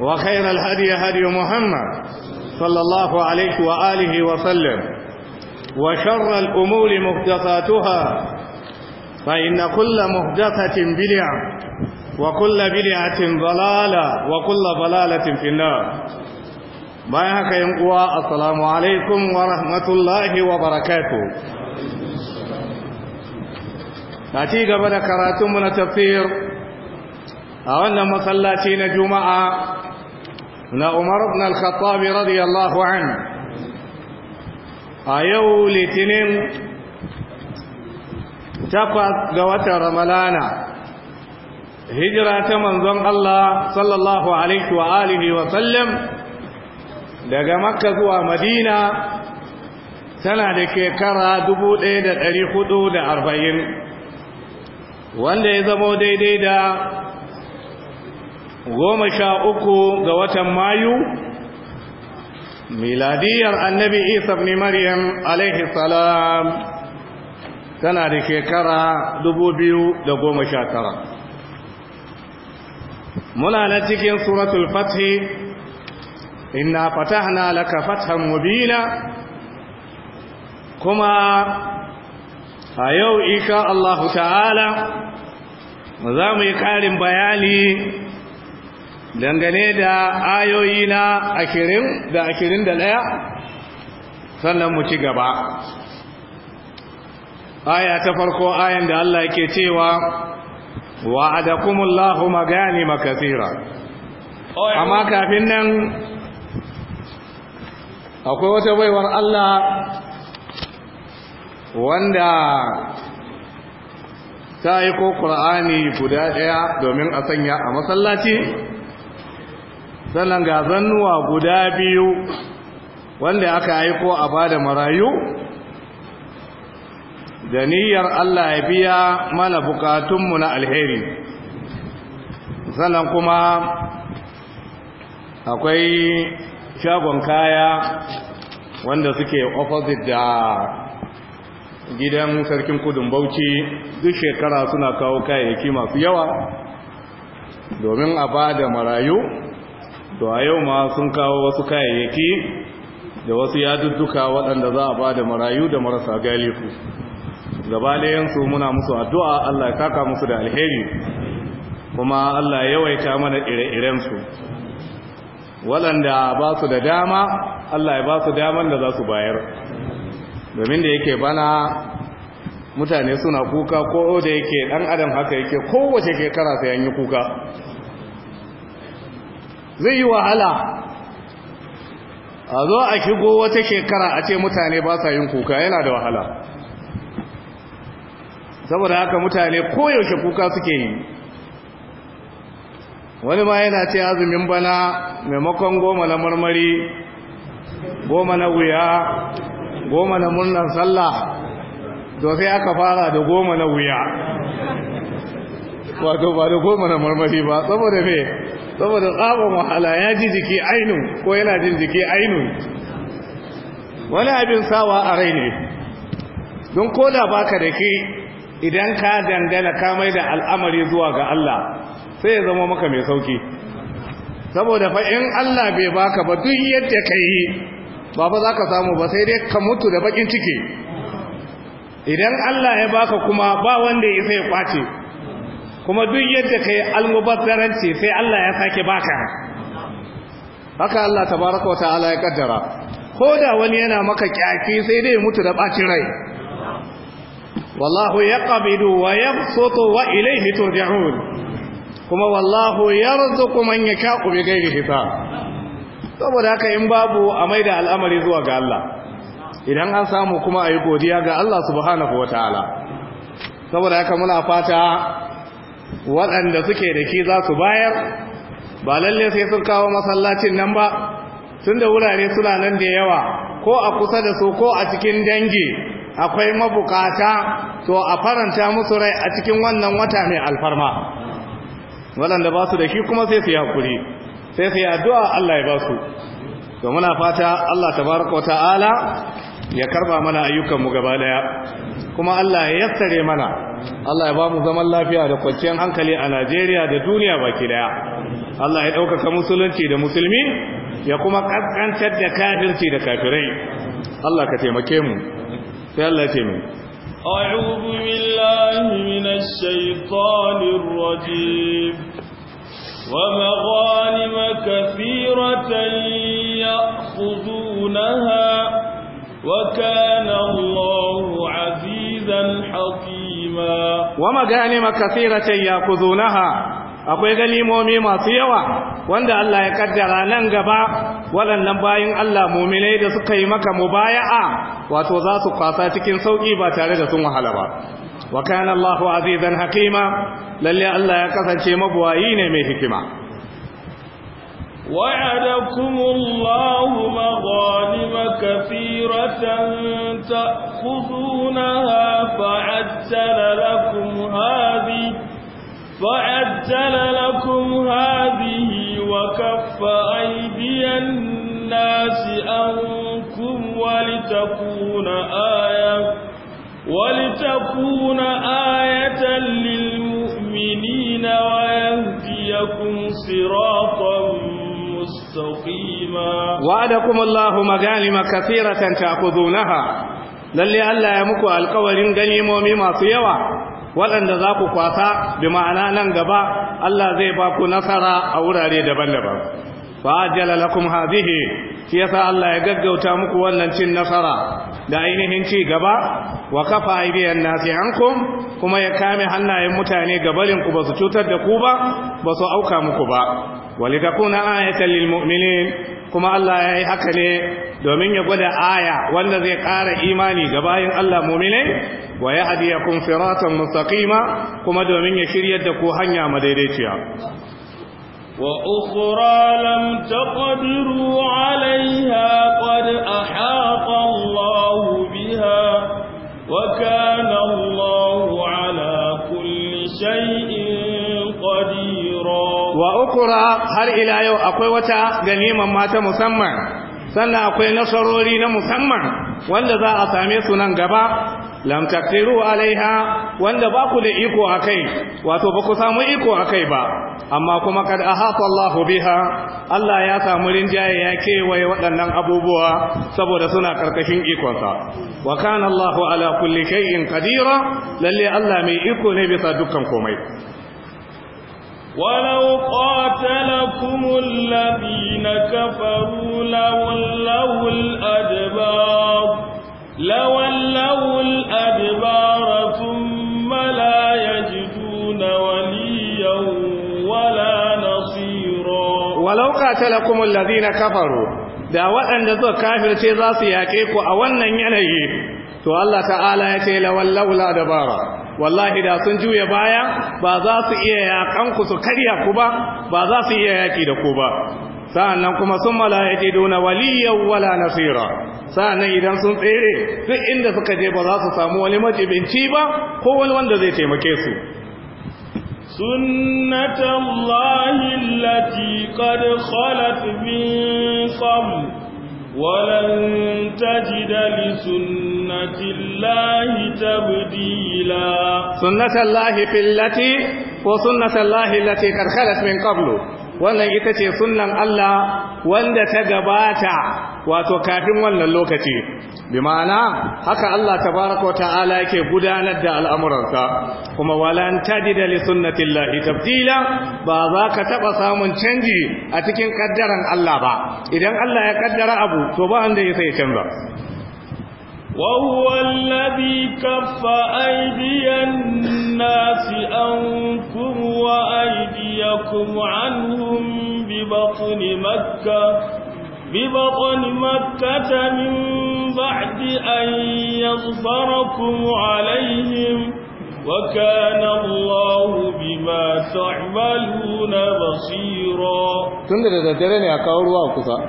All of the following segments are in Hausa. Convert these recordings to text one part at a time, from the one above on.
وخير الهدي هدي محمد صلى الله عليه وآله وسلم وشر الأمور محدثاتها فإن كل محدثة بلع وكل بلعة ضلالة وكل ضلالة في النار بايحك ينقوى السلام عليكم ورحمة الله وبركاته نتيجة قبل كراتم من التفسير a wannan masallaci na juma'a na umar ibn al a yau litinin takwas ga watan ramalana hijira ta manzon Allah sallallahu alaihi wa alihi wa sallam daga makka zuwa madina tana da kekara arba'in, wanda ya zamo daidai da goma sha uku ga watan mayu miladiyar annabi isa ne maryam alaihi salam tana da shekara dubu biyu da goma sha tara muna na cikin suratul fathi inna fatahna laka fathan mubina kuma a yau isha Allahu ta'ala za mu yi ƙarin bayani dangane da ayoyi na ashirin da ashirin da ɗaya sannan mu ci gaba aya ta farko ayan da Allah yake cewa wa'adakumullahu maganima makasira amma kafin nan akwai wata baiwar Allah wanda ta yi ko guda ɗaya domin a sanya a masallaci sannan ga zannuwa guda biyu wanda aka aiko a bada marayu da niyyar Allah ya biya mana bukatunmu na alheri sannan kuma akwai shagon kaya wanda suke opposite da gidan sarkin kudin bauchi duk shekara suna kawo kayayyaki masu yawa domin a bada da marayu to a yau ma sun kawo wasu kayayyaki da wasu yadudduka waɗanda za a ba da marayu da marasa galifu gaba ɗayansu muna musu addu'a Allah ya kaka musu da alheri kuma Allah ya yawaita mana ire-irensu iren waɗanda ba su da dama Allah ya ba su daman da za su bayar domin da yake bana mutane suna kuka ko da yake ɗan adam haka yake kowace shekara sai an yi kuka zai yi wahala a zo a shigo wata shekara a ce mutane ba sa yin kuka yana da wahala saboda haka mutane koyaushe kuka suke yi wani ma yana ce azumin bana maimakon goma na marmari goma na wuya goma na murnar sallah to sai aka fara da goma na wuya wato ba da goma na marmari ba saboda me saboda tsabon wahala ya ji jiki ainihin ko yana jin jiki ainihin wani abin sawa a rai ne don koda baka da ke idan ka dangana kamai da al'amari zuwa ga Allah sai ya zama maka mai sauki saboda fa in Allah bai baka ba duk yadda ka yi ba ba za ka samu ba sai dai ka mutu da bakin ciki idan Allah ya baka kuma ba wanda ya sai kwace kuma duk yadda kai almubazzaranci sai Allah ya sake baka haka Allah tabaraka wa ta'ala ya kaddara ko da wani yana maka kyafi sai dai mutu da bacin rai wallahu yaqbidu wa yabsutu wa ilayhi turja'un kuma wallahu yarzuqu man yasha'u ghairi hisab saboda haka in babu a maida al'amari zuwa ga Allah idan an samu kuma ayi godiya ga Allah subhanahu ta'ala. saboda haka muna fata waɗanda suke da shi za su bayar ba lalle sai sun kawo masallacin nan ba tun da wurare suna nan da yawa ko a kusa da su ko a cikin dangi akwai mabukata to a faranta musu rai a cikin wannan wata mai alfarma waɗanda ba su da shi kuma sai su yi hakuri sai su yi addu'a Allah ya ba su to muna fata Allah Ta tabaraka ta'ala ya karba mana ayyukanmu gaba daya kuma Allah ya yassare mana Allah ya ba mu zaman lafiya da kwanciyar hankali a Najeriya da duniya baki daya Allah ya ɗaukaka musulunci da musulmi ya kuma ƙasƙantar da kafirci da kafirai Allah ka taimake mu sai Allah ya taimake أعوذ بالله من الشيطان الرجيم ومغانم كثيرة يأخذونها وكان الله عزيزا حكيما ومغانم كثيرة يأخذونها akwai ganimomi masu yawa wanda Allah ya kaddara nan gaba waɗannan bayan Allah muminai da suka yi maka mubaya'a wato za su kwasa cikin sauƙi ba tare da sun wahala ba wa kana Allahu azizan hakima lalle Allah ya kasance mabuwayi ne mai hikima wa'adakumullahu maghanima kathira تأخذونها فعجل لكم هذه فعجل لكم هذه وكف أيدي الناس أنكم ولتكون آية ولتكون آية للمؤمنين ويهديكم صراطا مستقيما وعدكم الله مغانم كثيرة تأخذونها للي ألا يمكو القول غنيمومي ما سيوا ولن ذاكو قاسا بمعنى ننقبا ألا زي باكو نصر أو راري دبلبا فأجل لكم هذه سيسا ألا يقجو تامكو ولن نصر da ainihin ci gaba wa kafa aibiyan nasi ankum kuma ya kame hannayen mutane gabarin ku ba su cutar da ku ba ba su auka muku ba walitakuna ayatan lil mu'minin kuma Allah ya yi haka ne domin ya gwada aya wanda zai ƙara imani ga bayin Allah mu'mine wa yahdiyakum siratan mustaqima kuma domin ya shiryar da ku hanya madaidaiciya وأخرى لم تقدروا عليها قد أحاط الله بها وكان الله Kura har ila yau akwai wata ganiman mata musamman sannan akwai nasarori na musamman wanda za a same su nan gaba lam alaiha wanda ba ku da iko akai wato ba ku samu iko akai ba amma kuma kad ahata Allahu biha Allah ya samu rinjaye ya kewaye waɗannan abubuwa saboda suna karkashin ikonsa wa kana Allahu ala kulli shay'in qadira lalle Allah mai iko ne bisa dukkan komai ولو قاتلكم الذين كفروا لولوا الأدبار لولوا الأدبار ثم لا يجدون وليا ولا نصيرا ولو قاتلكم الذين كفروا da waɗanda suka kafirce za su yaƙe ku a wannan yanayi to Allah ta'ala ya ce lawallau la dabara wallahi da sun juya baya ba za su iya yakan su karya ku ba ba za su iya yaki da ku ba sa'annan kuma sun mala'aji duna waliyan wala nasira sa'annan idan sun tsere duk inda suka je ba za su samu wani majibinci ba ko wani wanda zai taimake su sunnatullahi allati qad khalat min qabl ولن تجد لسنة الله تبديلا سنة الله في التي وسنة الله التي قد خلت من قبله wannan ita ce sunnan Allah wanda ta gabata wato kafin wannan lokaci bi ma'ana haka Allah tabaraka ta'ala yake gudanar da al'amuransa kuma walan tadida li sunnatillahi tabdila ba za ka taba samun canji a cikin kaddaran Allah ba idan Allah ya kaddara abu to ba wanda ya sai canza وهو الذي كف أيدي الناس أنكم وأيديكم عنهم ببطن مكة ببطن مكة من بعد أن يظفركم عليهم وكان الله بما تعملون بصيرا تندر تدرني أكاور واقصى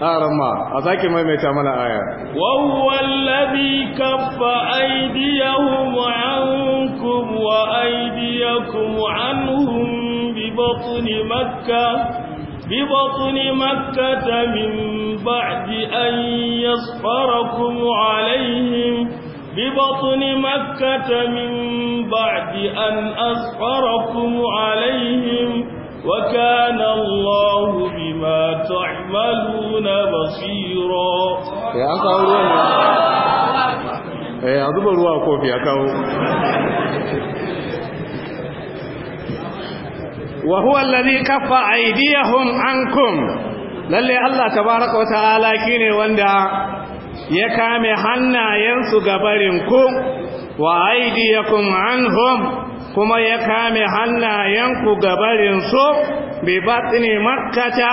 ƙarar a zaƙi maimaita mana aya wawwallabi kafa aidiyahun wa'ankun wa aidiyakun wa'anuhun bibakuni makka bibakuni makka ta min ba'adi an ya farakun alayhim bibakuni makka ta min ba'adi an asfarakun alayhim bibakuni makka ta min ba'adi an asfarakun alayhim وكان الله بما تعملون بصيرا يا أخوان eh a zuba ruwa kofi a kawo wa huwa alladhi kaffa aydiyahum ankum lalle Allah tabaaraka wa lalaki ne wanda ya kame hannayensu gabarin ku wa kuma ya kame hannayenku gabarinsu bi batni makkata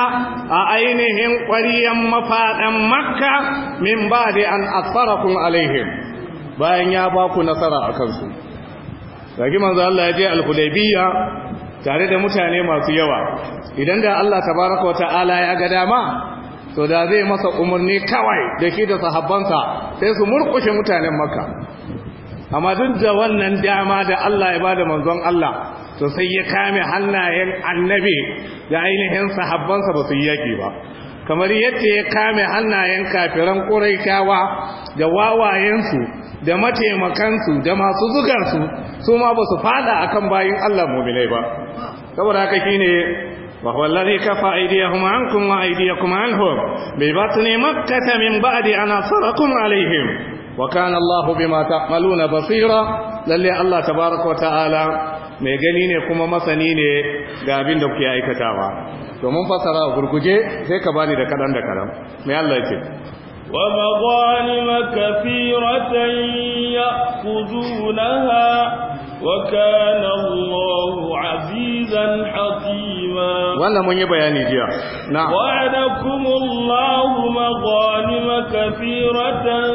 a ainihin ƙwariyan mafaɗan makka min ba da an kun alaihim bayan ya ba ku nasara a kansu ragi manzo Allah ya je alhudaibiyya tare da mutane masu yawa idan da Allah tabaraka wa ta'ala ya ga dama to da zai masa umarni kawai da shi da sahabbansa sai su murkushe mutanen makka amma duk da wannan dama da Allah ya bada manzon Allah to sai ya kame hannayen annabi da ainihin sahabbansa ba su yi yaki ba kamar yadda ya kame hannayen kafiran ƙuraitawa da wawayensu da mataimakansu da masu zugansu su ma ba su fada akan bayin Allah mu'minai ba saboda haka shine وهو الذي كفى أيديهم عنكم وأيديكم عنهم ببطن مكة من بعد أن أصركم عليهم wa kana Allah bima ta'maluna basira lalle Allah tabaaraka wa ta'ala mai gani ne kuma masani ne ga abin da kuke aikatawa to mun fasara gurguje sai ka bani da kadan da karam mai Allah yake wa maghanim kathiratan ya'khudunaha wannan manye bayani jiya na wa'ada kumullahu maqani makafiratan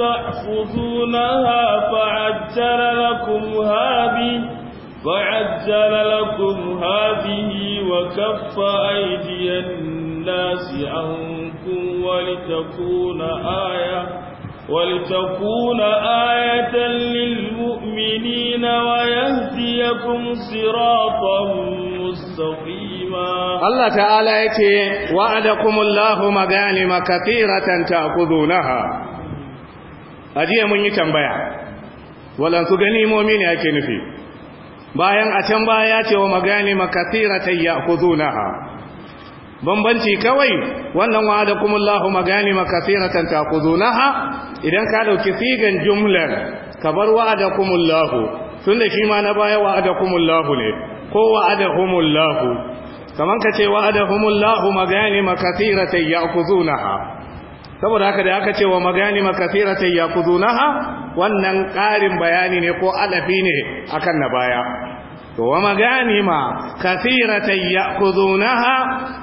tahfuzunaha fa'ajjala lakum hadhi fa'ajjala lakum hadhi wa kaffa aydiyan nasi ankum wa litakuna ayatan ولتكون آية للمؤمنين ويهديكم صراطا مستقيما الله تعالى يتي وعدكم الله مغانم كثيرة تأخذونها أجي من يتنبيع ولن تغني مؤمن أكي نفي bayan a can baya ce wa maganima kathiratan ya'khudunaha bambanci kawai wannan wa'ada kuma Allahu magani makasiratan taquzunaha idan ka dauki sigan jumlar kabar wa'ada kuma Allahu tunda shi ma na baya wa'ada kuma Allahu ne ko wa'ada kuma Allahu kaman ce wa'ada kuma Allahu magani makasiratan yaquzunaha saboda haka da aka ce wa magani makasiratan yaquzunaha wannan ƙarin bayani ne ko alafi ne akan na baya to wa maganima kathiratan ya'khudunaha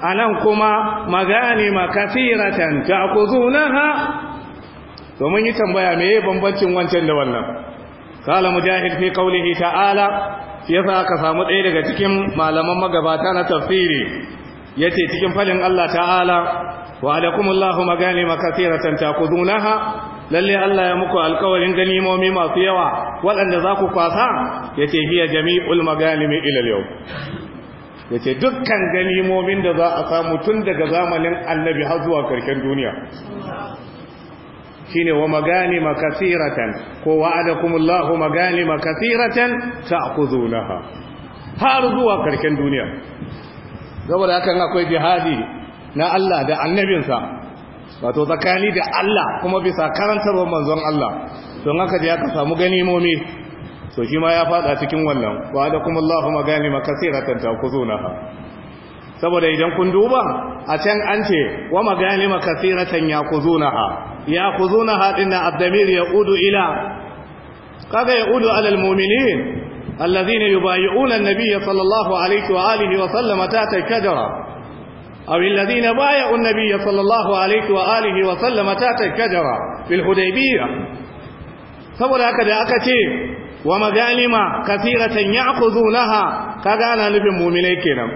anan kuma maganima kathiratan ta'khudunaha to mun yi tambaya meye bambancin wancan da wannan qala mujahid fi qawlihi ta'ala yasa aka samu ɗaya daga cikin malaman magabata na tafsiri yace cikin falin Allah ta'ala wa alakumullahu maganima kathiratan ta'khudunaha lalle Allah ya muku alkawarin ganimomi masu yawa waɗanda za ku kwasa ya ce hiya jami'ul magalimi ilal yau ya ce dukkan ganimomin da za a samu tun daga zamanin annabi har zuwa ƙarshen duniya ne wa maganima kasiratan ko wa'adakumullahu maganima kasiratan ta'khuzunaha har zuwa ƙarshen duniya saboda hakan akwai jihadi na Allah da annabinsa wato tsakani da Allah kuma bisa karantarwar manzon Allah don haka da ya ka samu ganimomi to shi ma ya fada cikin wannan wa da kuma Allahu maganima kasiratan takuzunaha saboda idan kun duba a can an ce wa magani ya ku maganima kasiratan yakuzunaha yakuzunaha dinna abdamir udu ila kaga ya yaudu alal mu'minin alladhina yubayyi'una an-nabiyya sallallahu alaihi wa alihi wa sallama ta tajara أو الذين بايعوا النبي صلى الله عليه وآله وسلم تحت الكجرة في الحديبية saboda haka da aka ce wa magalima kasiratan ya'khuzunaha kaga ana nufin mu'minai kenan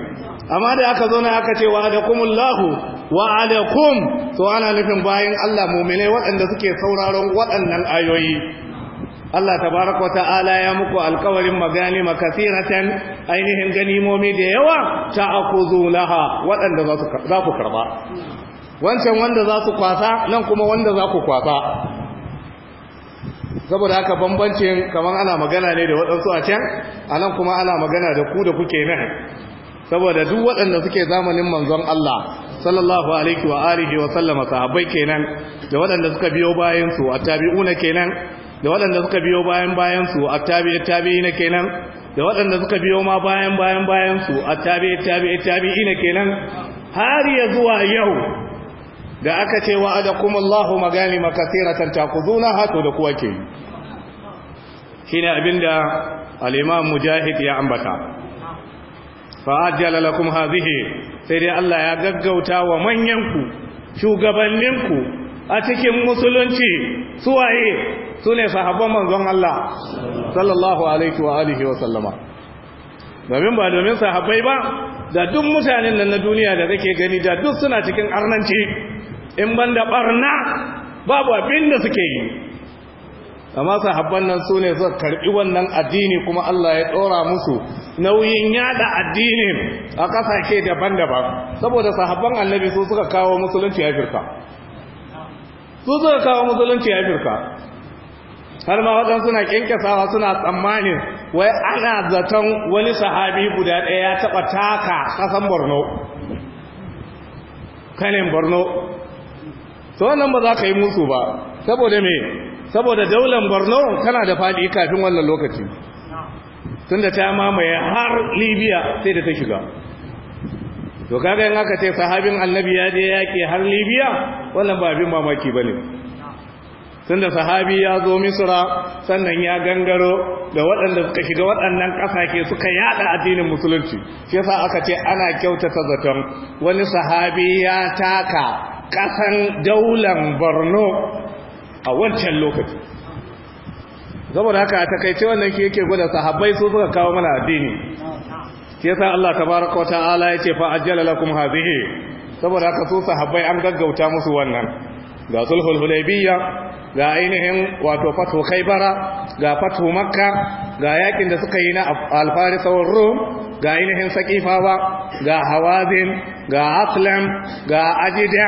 amma da aka zo na aka ce wa adakumullahu wa kum so ana nufin bayan Allah mu'minai waɗanda suke sauraron waɗannan ayoyi Allah tabaraka wa ta'ala ya muku alkawarin maganima kasiratan ainihin ganimomi da yawa laha waɗanda za ku karba wancan wanda za su kwasa nan kuma wanda za ku kwasa saboda haka bambancin kamar ana magana ne da waɗansu a can a nan kuma ana magana da ku da kuke nan saboda duk waɗanda suke zamanin manzon Allah sallallahu alaihi wa alihi wa sallama sahabbai kenan da waɗanda suka biyo bayan su attabi'una kenan da waɗanda suka biyo bayan bayan su tabi ina kenan da waɗanda suka biyo ma bayan bayan bayan su a tabi ina kenan har ya zuwa yau da aka ce wa'adakum Allahu ta katiratan takuzunaha hato da kuwa ke shine abinda al-Imam Mujahid ya ambata fa'ajjala lakum hadhihi sai dai Allah ya gaggauta wa manyanku shugabanninku a cikin musulunci suwaye su ne sahabban manzon Allah sallallahu alaihi wa alihi wa sallama domin ba domin sahabbai ba da duk mutanen nan na duniya da kake gani da duk suna cikin arnanci in banda barna babu abin da suke yi amma sahabban nan su ne suka karbi wannan addini kuma Allah ya dora musu nauyin yada addini a kasashe daban-daban saboda sahabban annabi su suka kawo musulunci Afirka su suka kawo musulunci Afirka har ma waɗansu suna kyankyasawa suna tsammanin wai ana zaton wani sahabi guda ɗaya ya taɓa taka ƙasan borno kanin borno to wannan ba za ka yi musu ba saboda me saboda daular borno tana da faɗi kafin wannan lokaci tun da ta mamaye har libya sai da ta shiga to kaga yin aka ce sahabin annabi ya je yaƙi har libya wannan ba abin mamaki ba ne tunda sahabi ya zo misra sannan ya gangaro da waɗanda suka shiga waɗannan ƙasashe suka yada addinin musulunci shi yasa aka ce ana kyautata zaton wani sahabi ya taka ƙasan daular borno a wancan lokaci saboda haka a takaice wannan ke yake gwada sahabai su suka kawo mana addini shi yasa Allah tabaraka wata ta'ala ya ce fa ajjala lakum hadhihi saboda haka su sahabbai an gaggauta musu wannan ga sulhul hudaybiyya ga ainihin wato fatu khaibara ga fatu makka ga yakin da suka yi na alfarisawar rum ga ainihin sakifawa ga hawazin ga aslam ga ajida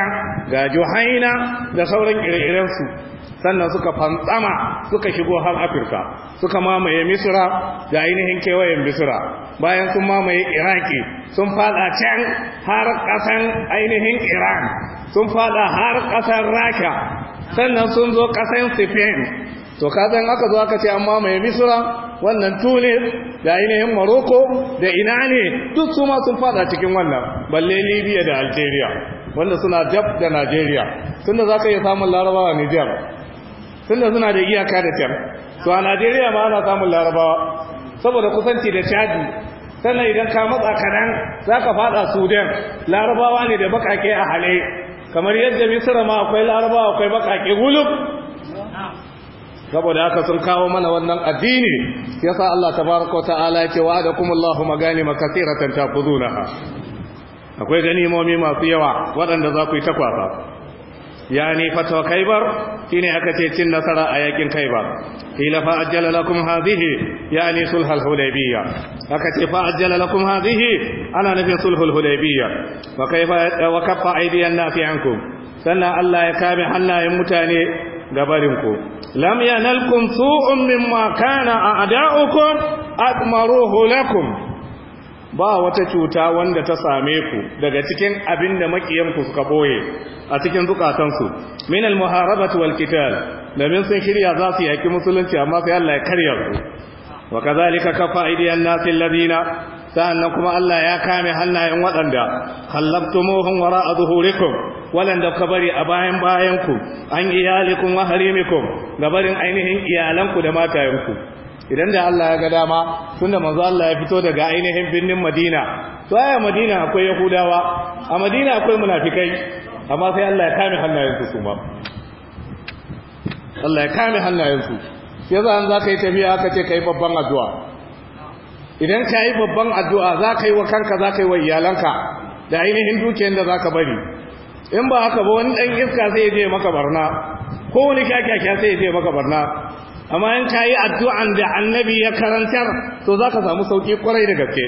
ga juhaina da sauran ire-irensu sannan suka fantsama suka shigo har afirka suka mamaye misira ga ainihin kewayen misira bayan sun mamaye iraki sun fada can har kasan ainihin iran sun fada har kasan rasha sannan sun zo ƙasan Spain to kasan aka zo aka ce amma mai Misra wannan Tunis da ainihin maroko da ina ne duk su ma sun fada cikin wannan balle Libya da Algeria wanda suna jab da Nigeria tunda ka iya samun Larabawa Niger tunda suna da iyaka da can to a Nigeria ma ana samun Larabawa saboda kusanci da Chad sannan idan ka matsa za zaka fada Sudan Larabawa ne da bakake a halai. kamar yadda misra ma akwai larabawa akwai bakake guluf. saboda haka sun kawo mana wannan addini yasa Allah tabaraka wa ta'ala yake wa'adakumullahu maganima katiratan taqudunaha akwai ganimomi masu yawa waɗanda za ku yi takwafa Ya yani fatwa kaibar shine aka ce cin nasara a yakin kaibar ila fa ajjala lakum hadhihi yani sulhul hudaybiyya aka ce fa ajjala lakum hadhihi ana nufin sulhul hudaybiyya wa kaifa wa kaffa aydiyan nafi ankum sannan Allah ya kame hannayen mutane gabarinku lam yanalkum su'un mimma kana a'da'ukum akmaruhu lakum ba wata cuta wanda ta same ku daga cikin abin da makiyanku suka boye a cikin zukatansu min al-muharabati wal qital domin sun shirya za su yaki musulunci amma sai Allah ya karya su wa kadhalika kafa aydiyan nas alladhina sa'annan kuma Allah ya kame hannayen waɗanda khallaftumuhum wara'a zuhurikum waɗanda ka bari a bayan bayanku an iyalikum wa harimikum gabarin ainihin iyalanku da matayanku idan da Allah ya ga dama tunda manzo Allah ya fito daga ainihin birnin Madina to a Madina akwai Yahudawa a Madina akwai munafikai amma sai Allah ya kame hannayensu su kuma Allah ya kame hannayensu sai za an za kai yi tafiya aka ce ka yi babban addu'a idan ka yi babban addu'a za ka yi wa kanka za ka yi wa iyalanka da ainihin dukiyar da za ka bari in ba haka ba wani dan iska sai ya je maka barna ko wani kyakkyakya sai ya je maka barna amma in ka yi addu'an da annabi ya karantar to za ka samu sauƙi ƙwarai da gaske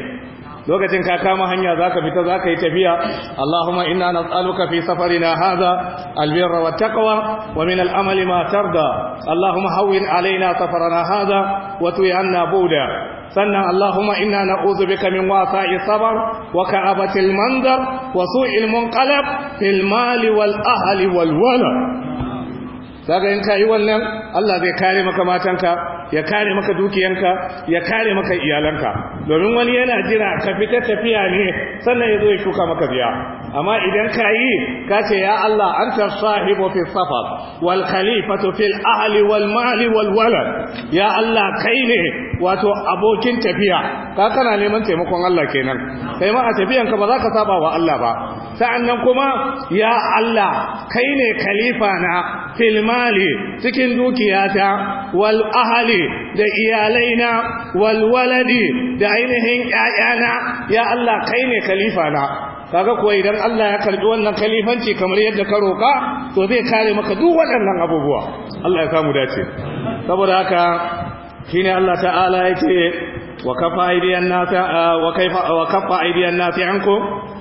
lokacin ka kama hanya za ka fita za ka yi tafiya Allahumma inna nas'aluka fi safarina hadha albirra wa taqwa wa min al'amali ma tarda Allahumma hawwin alaina safarana hadha wa tu'i anna buda sannan Allahumma inna na'udhu bika min wasa'i sabar wa ka'abati al-manzar wa su'il munqalab fil mali wal ahli wal walad kaga in ka yi wannan Allah zai kare maka matanka ya kare maka dukiyanka ya kare maka iyalanka domin wani yana jira ka fita tafiya ne sannan ya zo ya shuka maka biya amma idan ka yi ka ce ya Allah anta sahibu fi safar wal khalifatu fil ahli wal mali wal walad ya Allah kai ne wato abokin tafiya ka kana neman taimakon Allah kenan kai ma a tafiyanka ba za ka saba wa Allah ba sa'annan kuma ya Allah kai ne khalifa na filmali cikin dukiyata wal ahali da iyalaina wal waladi da ainihin ƴaƴana ya Allah kai ne khalifa na kaga kuwa idan Allah ya karbi wannan khalifanci kamar yadda ka roka to zai kare maka duk waɗannan abubuwa Allah ya samu dace saboda haka shine Allah ta'ala yake wa kafa aidiyan nasi wa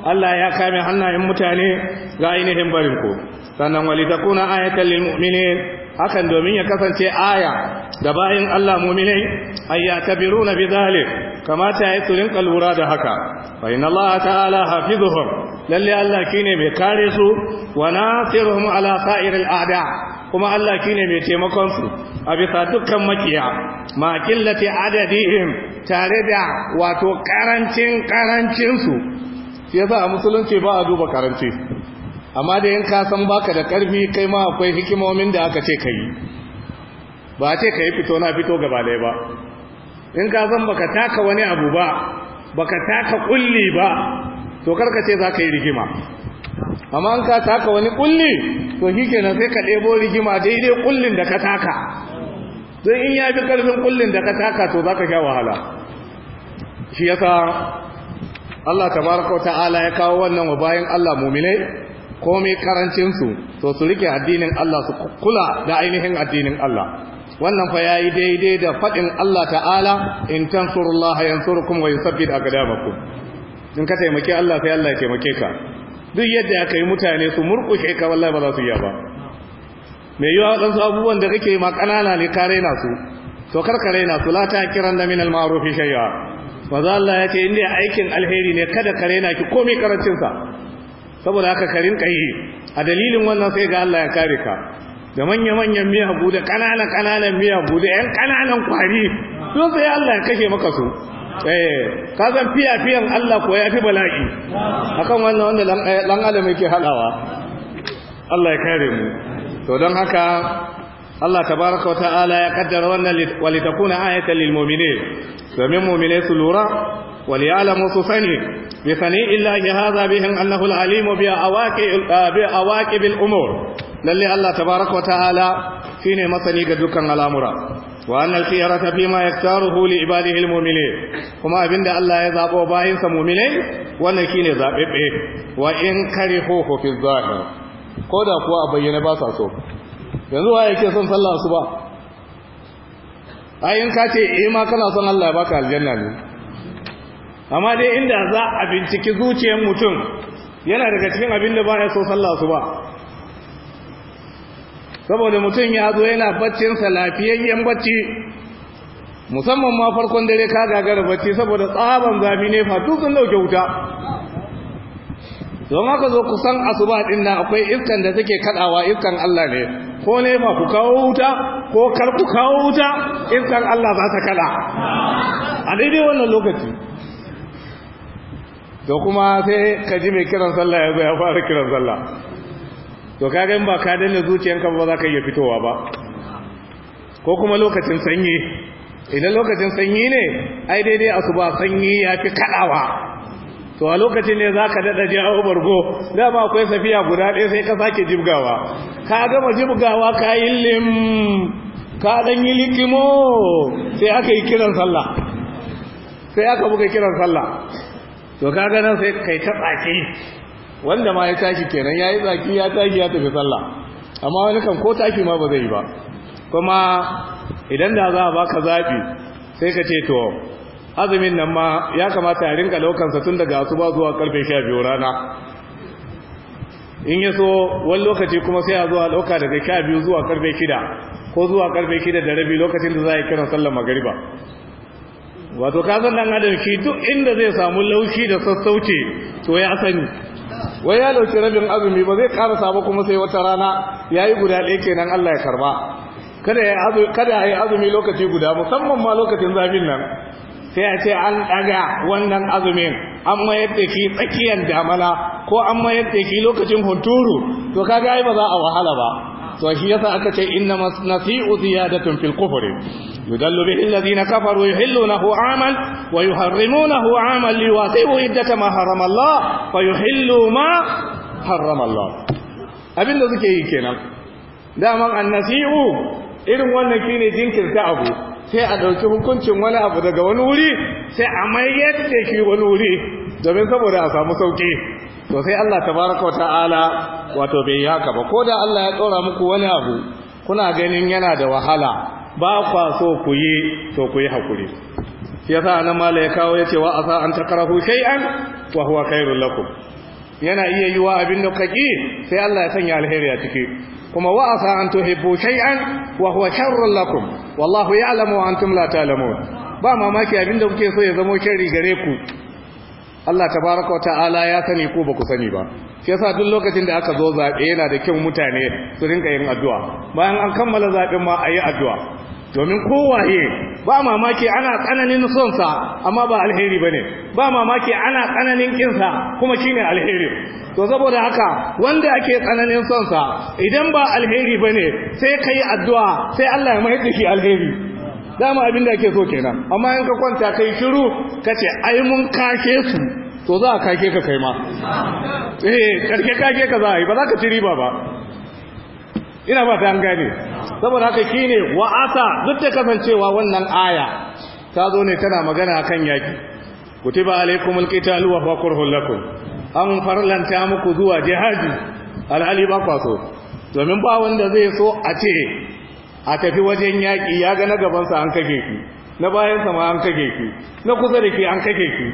Allah ya kame hannayen mutane ga ainihin barin ku sannan wali takuna ayatan lil hakan domin ya kasance aya da bayin Allah mu'minai ayya kabiruna bidhalik kamata ya su rinka lura da haka fa Allah ta'ala hafizuhum lalle Allah ne mai kare su wa nasiruhum ala sa'iril a'da kuma Allah ne mai taimakon a bisa dukkan makiya ma qillati adadihim tare da wato karancin shi ya za a musulunci ba a duba karanci amma da yin kasan baka da karfi kai ma akwai hikimomin da aka ce kai ba ce kai fito na fito gaba dai ba in ka ba baka taka wani abu ba baka taka kulli ba to karka ce za ka yi rigima amma an ka taka wani kulli to nan sai ka ɗebo rigima daidai kullin da ka taka don in ya fi karfin kullin da ka taka to za ka sha wahala shi yasa Allah tabaraka ta'ala ya kawo wannan wa bayan Allah mu'minai komai mai su to su rike addinin Allah su kula da ainihin addinin Allah wannan fa yayi daidai da faɗin Allah ta'ala in tansurullaha yansurukum wa yuthabbit aqdamakum in ka taimake Allah sai Allah ya taimake ka duk yadda aka yi mutane su murkushe, ka wallahi ba za su yi ba mai yiwa waɗansu abubuwan da kake ma ƙanana ne ka raina su to kar ka raina su la ta kiran da min al-ma'rufi shay'a za Allah ya ce inda aikin alheri ne kada ka raina ki komai karancin sa saboda haka ka rinka yi a dalilin wannan sai ga Allah ya kare ka da manya-manyan miya bude ƙananan-ƙananan miya, bude 'yan kananan kwari don sai Allah ya kashe maka su eh kasan fiya fiyan Allah ko yafi bala'i akan wannan wanda dan eh, adam yake halawa Allah ya kare mu to don haka Allah tabaraka wa ta'ala ya kaddara wannan walitakuna ayatan lil mu'minin domin mu'mine su lura wal ya'lamu su sani bi sani illahi hadha bihim annahu al alim bi awaqi eh, bi awaqi umur lalle Allah tabaraka wa ta'ala shine masani ga dukkan al'amura wa annal khiyarata bima yaktaruhu li ibadihi almu'minin kuma abinda Allah ya zabo bayin sa mu'minai wannan shine zabebe wa in karihuhu fi zahir da kuwa a bayyana ba sa so yanzu wa yake son sallah asuba ai in ka ce eh ma kana son Allah ya baka aljanna ne amma dai inda za a binciki zuciyar mutum yana daga cikin abin da baya so sallah ba. saboda mutum ya zo yana baccinsa lafiyayyen bacci musamman ma farkon dare ka gagara bacci saboda tsaban zafi ne fa duk sun dauke wuta don haka zo kusan asuba din nan akwai iskan da take kaɗawa iskan Allah ne ko ne ba ku kawo wuta ko kar ku kawo wuta iskan Allah za ta kada a daidai wannan lokaci to kuma sai ka ji mai kiran sallah ya zo ya fara kiran sallah to kaga in ba ka danna zuciyanka ba za ka iya fitowa ba ko kuma lokacin sanyi idan lokacin sanyi ne ai daidai asuba sanyi ya fi kaɗawa to a lokacin ne za ka daɗa jawo bargo dama akwai safiya guda ɗaya sai ka sake jibgawa ka gama jibgawa ka yi lim ka ɗan yi likimo sai aka yi kiran sallah sai aka buga kiran sallah to ka ganin sai kai ta tsaki wanda ma ya tashi kenan ya yi tsaki ya tashi ya tafi sallah amma wani kan ko tashi ma ba zai yi ba kuma idan da za a baka zaɓi sai ka ce to azumin nan ma ya kamata ya rinka laukansa tun daga asuba zuwa karfe sha biyu rana in ya so wani lokaci kuma sai a zuwa lauka daga sha biyu zuwa karfe shida ko zuwa karfe shida da rabi lokacin da za a yi kiran sallar magariba wato ka san dan adam shi duk inda zai samu laushi da sassauce to ya sani wai ya dauki rabin azumi ba zai karasa ba kuma sai wata rana ya yi guda ɗaya kenan Allah ya karba kada ya yi azumi lokaci guda musamman ma lokacin zafin nan sai a ce an daga wannan azumin an mayar da ki tsakiyar damala ko an mayar da ki lokacin hunturu to kaga ai ba za a wahala ba to shi yasa aka ce inna nasi'u ziyadatun fil kufri yudallu bihi alladhina kafaru yuhillunahu aman wa yuharrimunahu aman liwasibu iddata ma harama Allah fa yuhillu ma harama Allah abinda suke yi kenan daman annasi'u irin wannan shine jinkirta abu sai a dauki hukuncin wani abu daga wani wuri sai a mai yadda shi wani wuri domin saboda a samu sauki to sai Allah tabaraka wa ta'ala wato bai yi haka ba ko da Allah ya tsora muku wani abu kuna ganin yana da wahala ba kwa so ku yi to ku yi hakuri shi yasa nan mala ya kawo yace wa asa an takrahu shay'an wa huwa khairul lakum yana iya yi wa abin da kake sai Allah ya sanya alheri a ciki kuma wa asa an tuhibbu shay'an wa huwa sharrul lakum wallahu ya'lamu wa antum la ta'lamun ba mamaki abin da kuke so ya zama shari gare ku Allah ta baraka wata ala ya sani ko ba ku sani ba shi yasa duk lokacin da aka zo zaɓe yana da kyau mutane su rinka yin addu'a bayan an kammala zaɓen ma a addu'a domin kowaye ba mamaki ana tsananin son sa amma ba alheri bane ba mamaki ana tsananin kinsa kuma shine alheri to saboda haka wanda ake tsananin son sa idan ba alheri bane sai ka addu'a sai Allah ya da shi alheri dama abin da ake so kenan amma in ka kwanta kai shiru ka ce ai mun kake su to za a kake ka kai ma eh karke kake ka za a ba za ka ci riba ba ina ba ta an gane saboda haka shine wa'asa duk da kasancewa wannan aya ta zo ne tana magana akan yaki kutiba alaikumul qitalu wa huwa lakum an farlanta muku zuwa jihadi alhali ba kwaso domin ba wanda zai so a ce a tafi wajen yaƙi ya ga na gabansa an kake ki na bayansa ma an kake ki na kusa da ke an kake ki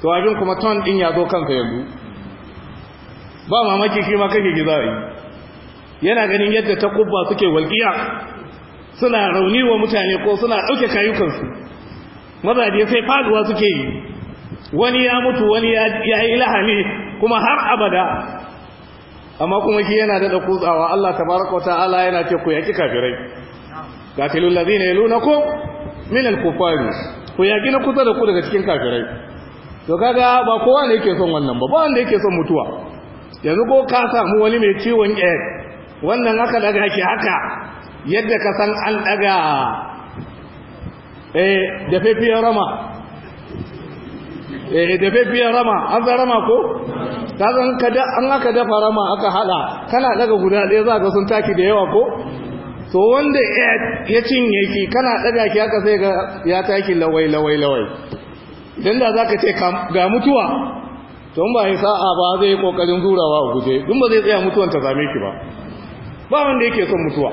to abin kuma ton ɗin ya zo kansa yanzu ba mamaki shi ma kake ki za a yi yana ganin yadda ta kubba suke walƙiya suna rauni wa mutane ko suna ɗauke kayukansu mazaje sai faduwa suke yi wani ya mutu wani ya yi lahani kuma har abada amma kuma shi yana da kutsawa Allah tabaraka ta'ala yana ce ku yaki kafirai qatilul ladina yalunakum min al-kufari ku yaki na kusa da ku daga cikin kafirai to kaga ba kowa ne yake son wannan ba ba wanda yake son mutuwa yanzu ko ka samu wani mai ciwon AIDS wannan aka daga ki haka yadda ka san an daga eh da fefiyar rama eh dafafiyar rama an za rama ko ka zan kada an aka dafa rama aka hada kana daga guda ɗaya za ka sun taki da yawa ko to wanda ya cinye ki kana daga ki aka sai ya taki lawai lawai lawai dan da zaka ce ga mutuwa to ba yi sa'a ba zai yi kokarin zurawa a guje dun ba zai tsaya mutuwan ta same ki ba ba wanda yake son mutuwa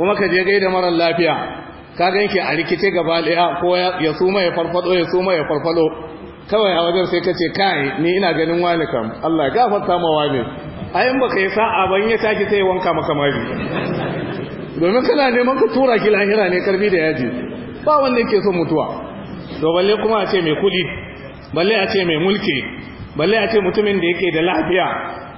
kuma ka je gaida mara lafiya ka gan shi a rikice gaba daya ko ya suma ya farfado ya suma ya farfado kawai a wajen sai ka ce kai ni ina ganin wani kam Allah ya gafarta ma wani ayin baka yi sa'a ban ya taki sai wanka maka mari domin kana neman ka tura ki lahira ne karbi da yaji ba wanda yake son mutuwa to balle kuma a ce mai kudi balle a ce mai mulki balle a ce mutumin da yake da lafiya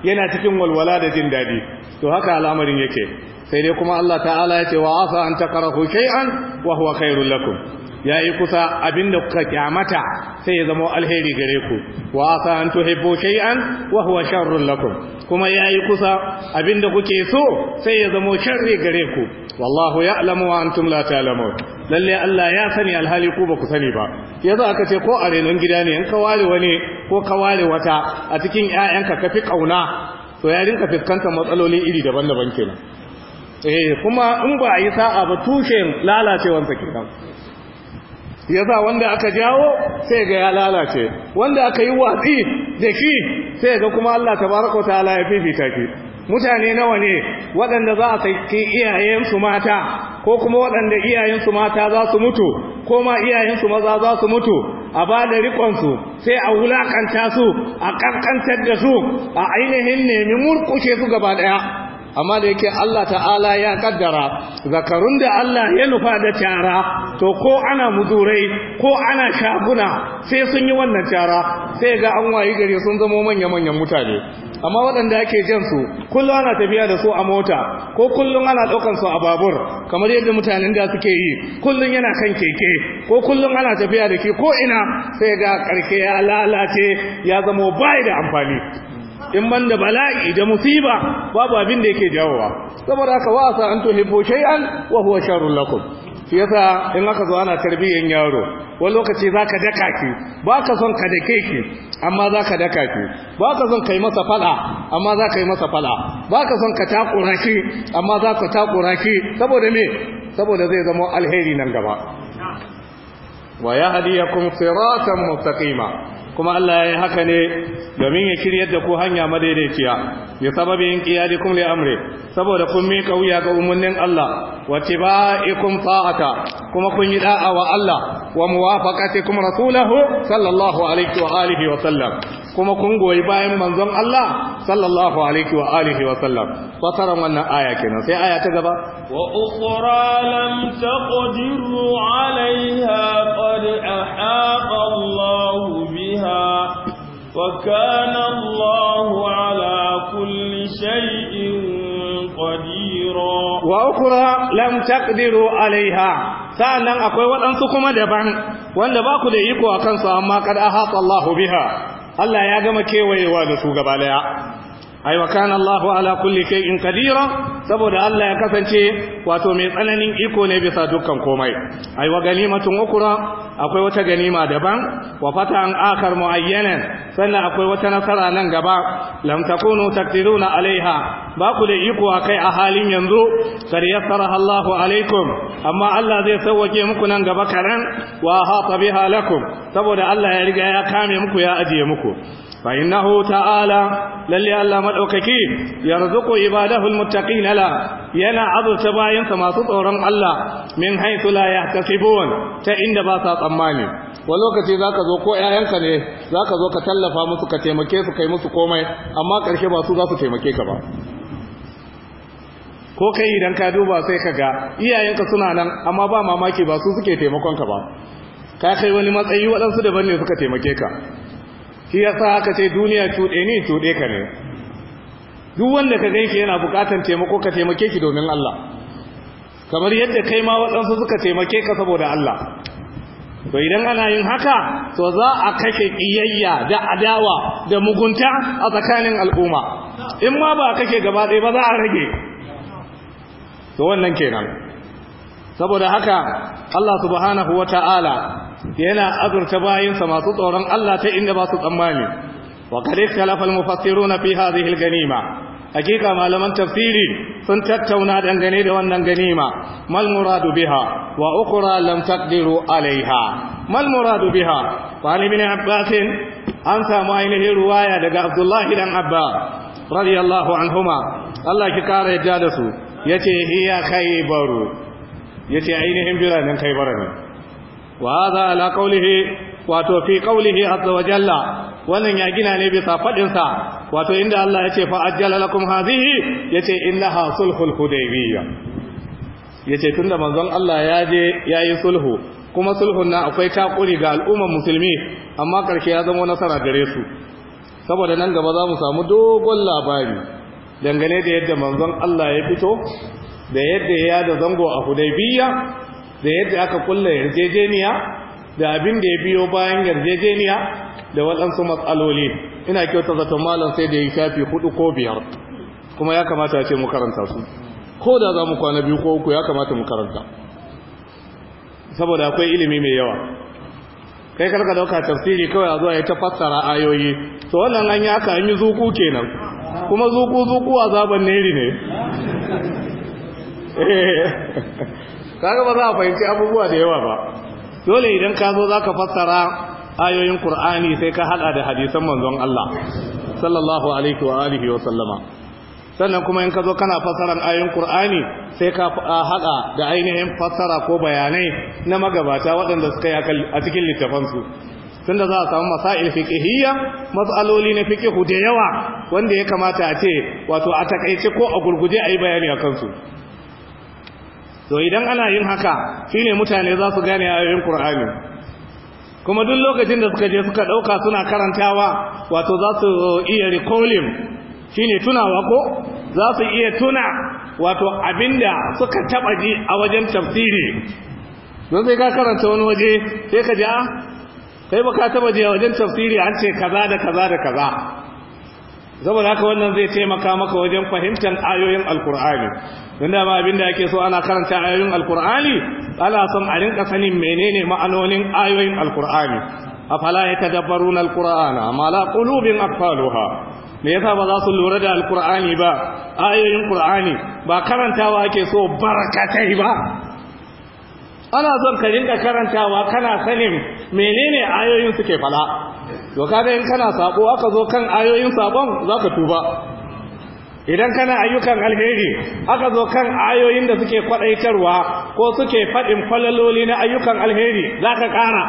yana cikin walwala da jin daɗi to haka al'amarin yake sai dai kuma Allah ta'ala ya ce wa afa an takarahu shay'an wa huwa khairul lakum yayi kusa abinda kuka kyamata sai ya zama alheri gare ku wa afa an tuhibbu shay'an wa huwa sharrul lakum kuma yayi kusa abinda kuke so sai ya zama sharri gare ku wallahu ya alamu wa antum la ta'lamun lalle Allah ya sani alhali ku ba ku sani ba yanzu aka ce ko a renon gida ne in ka ware wani ko ka ware wata a cikin ƴaƴanka ka fi kauna to ya rinka fuskantar matsaloli iri daban-daban kenan eh kuma in ba a yi sa'a ba tushen lalacewansa kenan yasa wanda aka jawo sai ga ya lalace wanda aka yi watsi da shi sai ga kuma Allah tabaraka ta'ala ya fifita shi mutane nawa ne waɗanda za a saki iyayensu mata ko kuma waɗanda iyayensu mata za su mutu ko ma iyayensu maza za su mutu a ba da rikonsu sai a wulaƙanta su a ƙanƙantar da su a ainihin nemi murƙushe su gaba ɗaya amma da yake Allah ta'ala ya kaddara zakarun da Allah ya nufa da cara to ko ana mudurai ko ana shaguna sai sun yi wannan cara sai ga an wayi gari sun zama manya-manyan mutane amma waɗanda ake jan su kullum ana tafiya da su a mota ko kullum ana ɗaukan su a babur kamar yadda mutanen da suke yi kullum yana kan keke ko kullum ana tafiya da ke ko ina sai ga karke ya lalace ya zama bai da amfani in ban da bala'i da musiba babu abin da yake jawowa saboda haka wa sa an tuhibbu shay'an wa huwa sharrun lakum shi yasa in aka zo ana tarbiyyar yaro wa lokaci zaka daka ki baka son ka dake ki amma zaka daka ki baka son kai masa fada amma zaka yi masa fada baka son ka takura ki amma zaka takura ki saboda me saboda zai zama alheri nan gaba wa yahdiyakum siratan mustaqima kuma Allah ya yi haka ne domin ya shirya da ku hanya madaidaiciya ya sababin qiyadikum li amri saboda kun mi kauya ga umarnin Allah wa tibaikum ta'ata kuma kun yi da'a wa Allah wa muwafaqatikum rasulahu sallallahu alaihi wa alihi wa sallam kuma kun goyi bayan manzon Allah sallallahu alaihi wa alihi wa sallam fasaran wannan aya kenan sai aya ta gaba wa ukhra lam taqdiru alaihi وكان الله على كل شيء قديرا وأخرى لم تقدروا عليها sa'annan akwai waɗansu kuma daban wanda ba ku da iko a kansu amma kad ahata Allahu biha Allah ya gama kewayewa da su gaba daya ai kana Allahu ala kulli shay'in qadira saboda Allah ya kasance wato mai tsananin iko ne bisa dukkan komai ai wa ganimatun ukura akwai wata ganima daban wa fatan akhar muayyanan sannan akwai wata nasara nan gaba lam takunu taktiruna alaiha ba ku da iko akai a halin yanzu sar yassaraha Allahu alaikum amma Allah zai sauwake muku nan gaba karan wa hata biha lakum saboda Allah ya riga ya kame muku ya ajiye muku fa innahu ta'ala lalle Allah madaukaki ibada ibadahu almuttaqin la yana azurta bayansa masu tsoron Allah min haythu la yahtasibun ta inda ba tsammani wa lokaci zaka zo ko ƴaƴanka ne zaka zo ka tallafa musu ka taimake su kai musu komai amma karshe ba za su taimake ka ba ko kai idan ka duba sai ka ga iyayenka suna nan amma ba mamaki ba su suke taimakon ba ka kai wani matsayi waɗansu daban ne suka taimake ka shi sa aka ce duniya cuɗe ni cuɗe ka ne duk wanda ka shi yana bukatan taimako ka taimake ki domin Allah kamar yadda kai ma waɗansu suka taimake ka saboda Allah to idan ana yin haka to za a kashe ƙiyayya da adawa da mugunta a tsakanin al'umma in ma ba kake gaba ɗaya ba za a rage to wannan kenan saboda haka Allah subhanahu wata'ala yana azurta bayinsa masu tsoron Allah ta inda ba su tsammani wa qad ikhtalafa mufassiruna fi hadhihi al-ganima hakika malaman tafsiri sun tattauna dangane da wannan ganima mal muradu biha wa ukhra lam taqdiru alaiha mal muradu biha abbas an samu ainihin ruwaya daga abdullahi dan abba radiyallahu anhuma Allah ki kara yadda da su yace hiya khaybaru yace ainihin biranen bara ne wa za a la qawlihi wato fi qawlihi azza jalla wannan ya gina ne bisa fadin wato inda Allah ce fa ajjala lakum hadhihi yace innaha sulhul ce yace da manzon Allah ya je yayi sulhu kuma sulhun na akwai takuri ga al'umman musulmi amma karshe ya zama nasara gare su saboda nan gaba za mu samu dogon labari dangane da yadda manzon Allah ya fito da yadda ya da zango a hudaibiyya da yadda aka kulla yarjejeniya da abin da ya biyo bayan yarjejeniya da waɗansu matsaloli ina kyauta zaton malam sai da ya shafi hudu ko biyar kuma ya kamata ce mu karanta su ko da za mu kwana biyu ko uku ya kamata mu karanta saboda akwai ilimi mai yawa kai karka dauka tafsiri kawai a zuwa ya ta fassara ayoyi to wannan an yi haka an yi zuku kenan kuma zuku zuku zaben neri ne kaga ba za a fahimci abubuwa da yawa ba dole idan ka zo za ka fassara ayoyin Kur'ani sai ka hada da hadisan manzon Allah sallallahu alaihi wa alihi wa sallama sannan kuma in ka zo kana fassaran ayoyin Kur'ani sai ka hada da ainihin fassara ko bayanai na magabata waɗanda suka yi a cikin littafansu tunda za a samu masail fiqhiyya matsaloli na fiqhu da yawa wanda ya kamata a ce wato a takaice ko a gurguje a yi bayani a kansu. to idan ana yin haka shine mutane za su gane ayoyin Qur'ani kuma duk lokacin da suka je suka dauka suna karantawa wato za su iya recalling shine tunawa ko za su iya tuna wato abinda suka taba ji a wajen tafsiri don sai ka karanta wani waje sai ka ji ah, kai ba ka taba ji a wajen tafsiri an ce kaza da kaza da kaza da haka wannan zai taimaka maka wajen fahimtar ayoyin alkur'ani don dama abin da ake so ana karanta ayoyin alkur'ani ana son a rinka sanin menene ma'anonin ayoyin alkur'ani afala yatadabbaruna alqur'ana ma la qulubin aqfaluha me yasa ba za su lura da alkur'ani ba ayoyin qur'ani ba karantawa ake so barakatai ba ana son ka rinka karantawa kana sanin menene ayoyin suke fala to in kana sabo aka zo kan ayoyin sabon ka tuba idan kana ayyukan alheri aka zo kan ayoyin da suke kwadaitarwa ko suke faɗin falaloli na ayyukan alheri za ka kara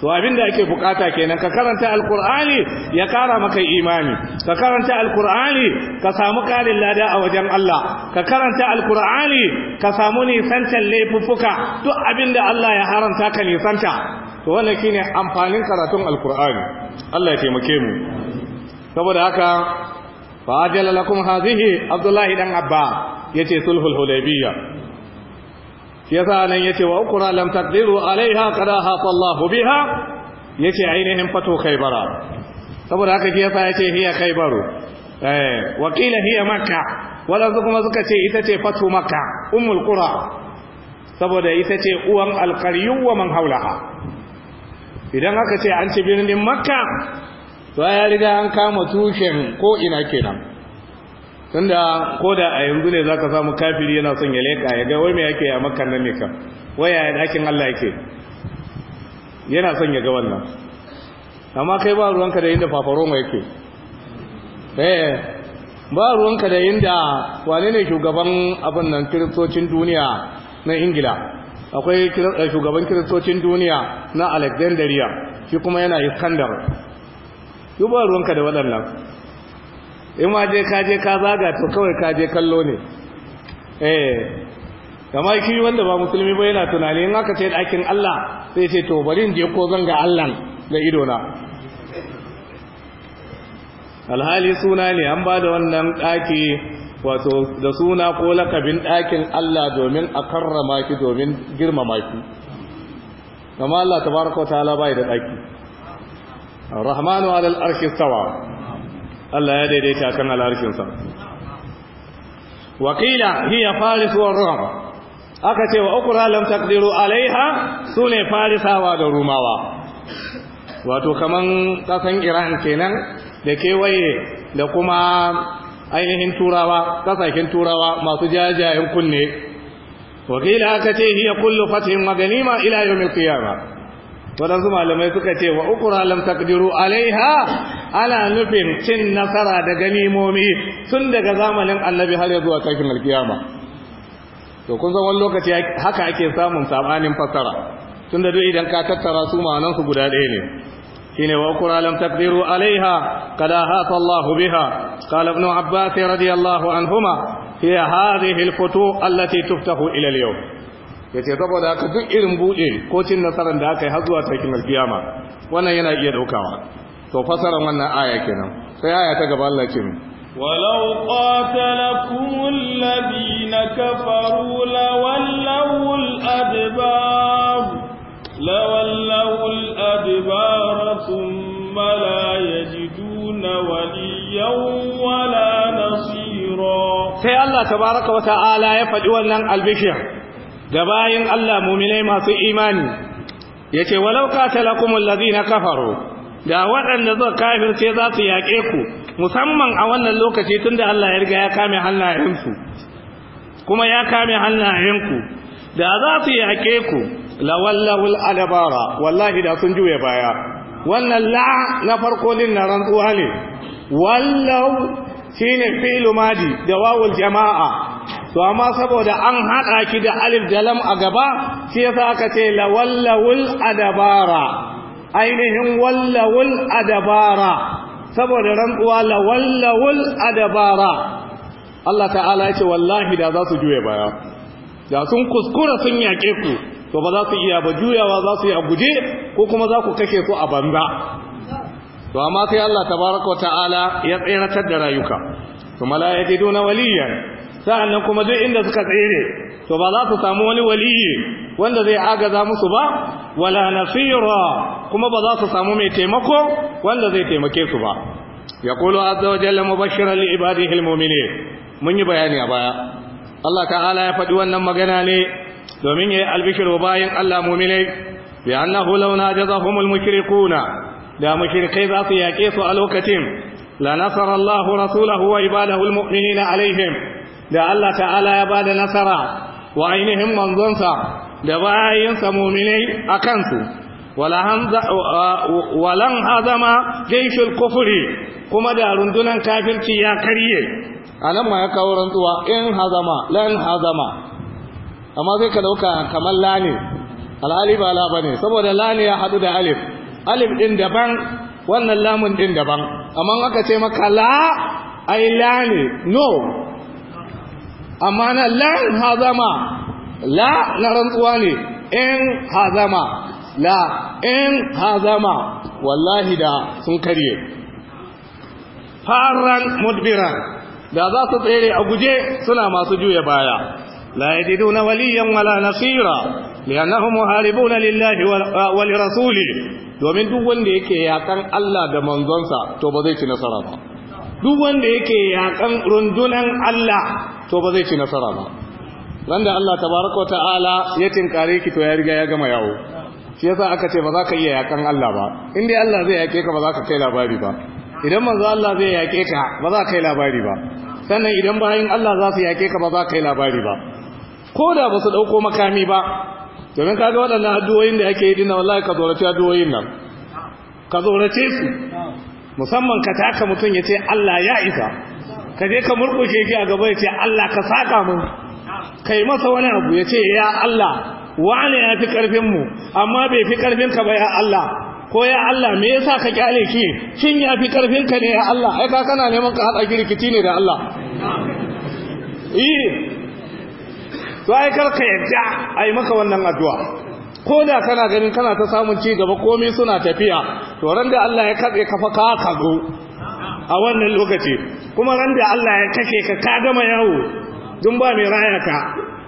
to abin da ake bukata kenan ka karanta alkur'ani ya kara maka imani ka karanta alkur'ani ka samu karin lada a wajen Allah ka karanta alkur'ani ka samu nisantar laifuffuka duk abin da Allah ya haranta ka nisanta to wannan shine amfanin karatun alkur'ani Allah ya taimake mu saboda haka fa ajala lakum hadhihi abdullahi dan abba yace sulhul hudaybiyya shi yasa nan yace wa ukra lam taqdiru alaiha qad ahata Allah biha yace ainihin fato khaybara saboda haka shi yasa yace hiya khaybaru eh wa hiya makkah wala kuma suka ce ita ce fatu makkah ummul qura saboda ita ce uwan alqaryu wa man haulaha idan aka ce an ci birnin makka to ya riga an kama tushen ko ina kenan tunda ko da a yanzu ne zaka samu kafiri yana son ya leka ya ga wai me yake a makka nan ne ka waya ya dakin Allah yake yana son ya ga wannan amma kai ba ruwanka da inda fafaroma yake eh ba ruwanka da inda wane ne shugaban abin nan kiristocin duniya na ingila akwai eh, shugaban kiristocin duniya na alexandria shi kuma yana iskandar yi ba ruwanka da waɗannan in ma je ka je ka zaga to kawai ka je kallo ne eh kama shi wanda ba musulmi ba yana tunani in aka ce ɗakin allah sai ce to bari je ko zanga allan da idona alhali suna ne an ba da wannan ɗaki wato da suna ko lakabin ɗakin Allah domin a karrama ki domin girmama ki kama Allah ta baraka wa ta'ala bai da ɗaki rahmanu ala al-arshi Allah ya daidaita kan al-arshin sa wakila hiya faris wa rum aka ce wa ukra lam taqdiru alaiha sune farisawa da rumawa wato kaman kasan Iran kenan da kewaye da kuma ainihin turawa kasashen turawa masu jajayen kunne wakila aka ce hiya kullu fatihin maganima ila yawmil qiyama wadansu malamai suka ce wa ukura lam taqdiru alaiha ana nufin cin nasara da ganimomi tun daga zamanin annabi har zuwa kafin alkiyama to kun san wani lokaci haka ake samun sabanin fasara tunda duk idan ka tattara su ma'anansu guda ɗaya ne shine wa kura lam takdiru alaiha kada hafa Allah biha qala ibn abbas radiyallahu anhuma hiya Allah alfutu allati tuftahu ila alyawm yace saboda aka duk irin buɗe ko cin nasaran da aka yi har zuwa takimar kiyama wannan yana iya ɗaukawa. to fasara wannan aya kenan sai aya ta gaba Allah ce min ولو قاتلكم الذين كفروا لولوا الأدبار لولوا الأدبار فلا يجدون وليا ولا نصيرا sai Allah tabaraka wata'ala ya faɗi wannan albishir Da bayin Allah mu'minai masu imani yace walau qatalakumul na kafaru da waɗanda zuwa sai za su yaƙe ku musamman a wannan lokaci tunda Allah ya riga ya kame hannayensu kuma ya kame hannayenku da za su yaƙe ku lawallahul adabara wallahi da sun juya baya wannan la na farko din na rantsuwa ne wallau shine fi'lu madi da wawul jama'a to amma saboda an haɗa ki da alif da lam a gaba shi yasa aka ce la wallawul adabara ainihin wallawul adabara saboda rantsuwa la wallawul adabara Allah ta'ala ya ce wallahi da za su juye baya da sun kuskura sun yake ku to ba za su iya ba juyawa za su yi a guje ko kuma za ku kashe su a banza to amma sai Allah tabaraka wa ta'ala ya tseratar da rayuka to malaikatu na waliyan sa'annan kuma duk inda suka tsere to ba za su samu wani waliyi wanda zai agaza musu ba wala nasira kuma ba za su samu mai taimako wanda zai taimake su ba yaqulu azza wa jalla mubashiran li ibadihi almu'minin mun yi bayani a baya Allah ta'ala ya faɗi wannan magana ne domin yayi albishiru bayan Allah mu'minai bi annahu law najazahumul mushrikuuna da mushrikai za su yake su a lokacin la nasara Allah rasulahu wa ibadahu almu'minina alaihim da Allah ta'ala ya bada nasara wa ainihin manzonsa da bayinsa mu'minai akan su walan hazama jaishul kufri kuma da rundunan kafirci ya karye anan ma ya kawo rantsuwa in hazama lan hazama amma zai ka dauka kamar lani alhali ba la bane saboda lani ya hadu da alif alif din daban wannan lamun din daban amma aka ce maka la ai lani no amma na lan hazama la na rantsuwa ne in hazama la in hazama wallahi da sun karye faran mudbiran da za su tsere a guje suna masu juya baya لا يجدون وليا ولا نصيرا لأنهم محاربون لله ولرسوله domin duk wanda yake yakan Allah da manzonsa to ba zai ci nasara ba duk wanda yake yakan rundunan Allah to ba zai ci nasara ba wanda Allah tabaraka ta'ala ya tinkare ki to ya riga ya gama yawo shi yasa aka ce ba za ka iya yakan Allah ba in dai Allah zai yake ka ba za ka kai labari ba idan manzo Allah zai yake ka ba za ka kai labari ba sannan idan bayan Allah za su yake ka ba za ka kai labari ba ko da ba su ɗauko makami ba domin kaga waɗannan addu'o'in da ake yi dinna wallahi ka zorace addu'o'in nan ka zorace su musamman ka taka mutum ya ce Allah ya isa ka je ka murƙushe shi a gaba ya ce Allah ka saka mu ka masa wani abu ya ce ya Allah ne ya fi ƙarfin mu amma bai fi ƙarfin ka ba ya Allah ko ya Allah me yasa ka kyale ki shin ya fi ƙarfin ka ne ya Allah ai ka kana neman ka haɗa rikici ne da Allah eh to ai karka yadda ai maka wannan addu'a ko da kana ganin kana ta samun ci gaba komai suna tafiya to ran da Allah ya katse kafa ka ka a wannan lokaci kuma ran da Allah ya kake ka ka gama yawo dun ba mai raya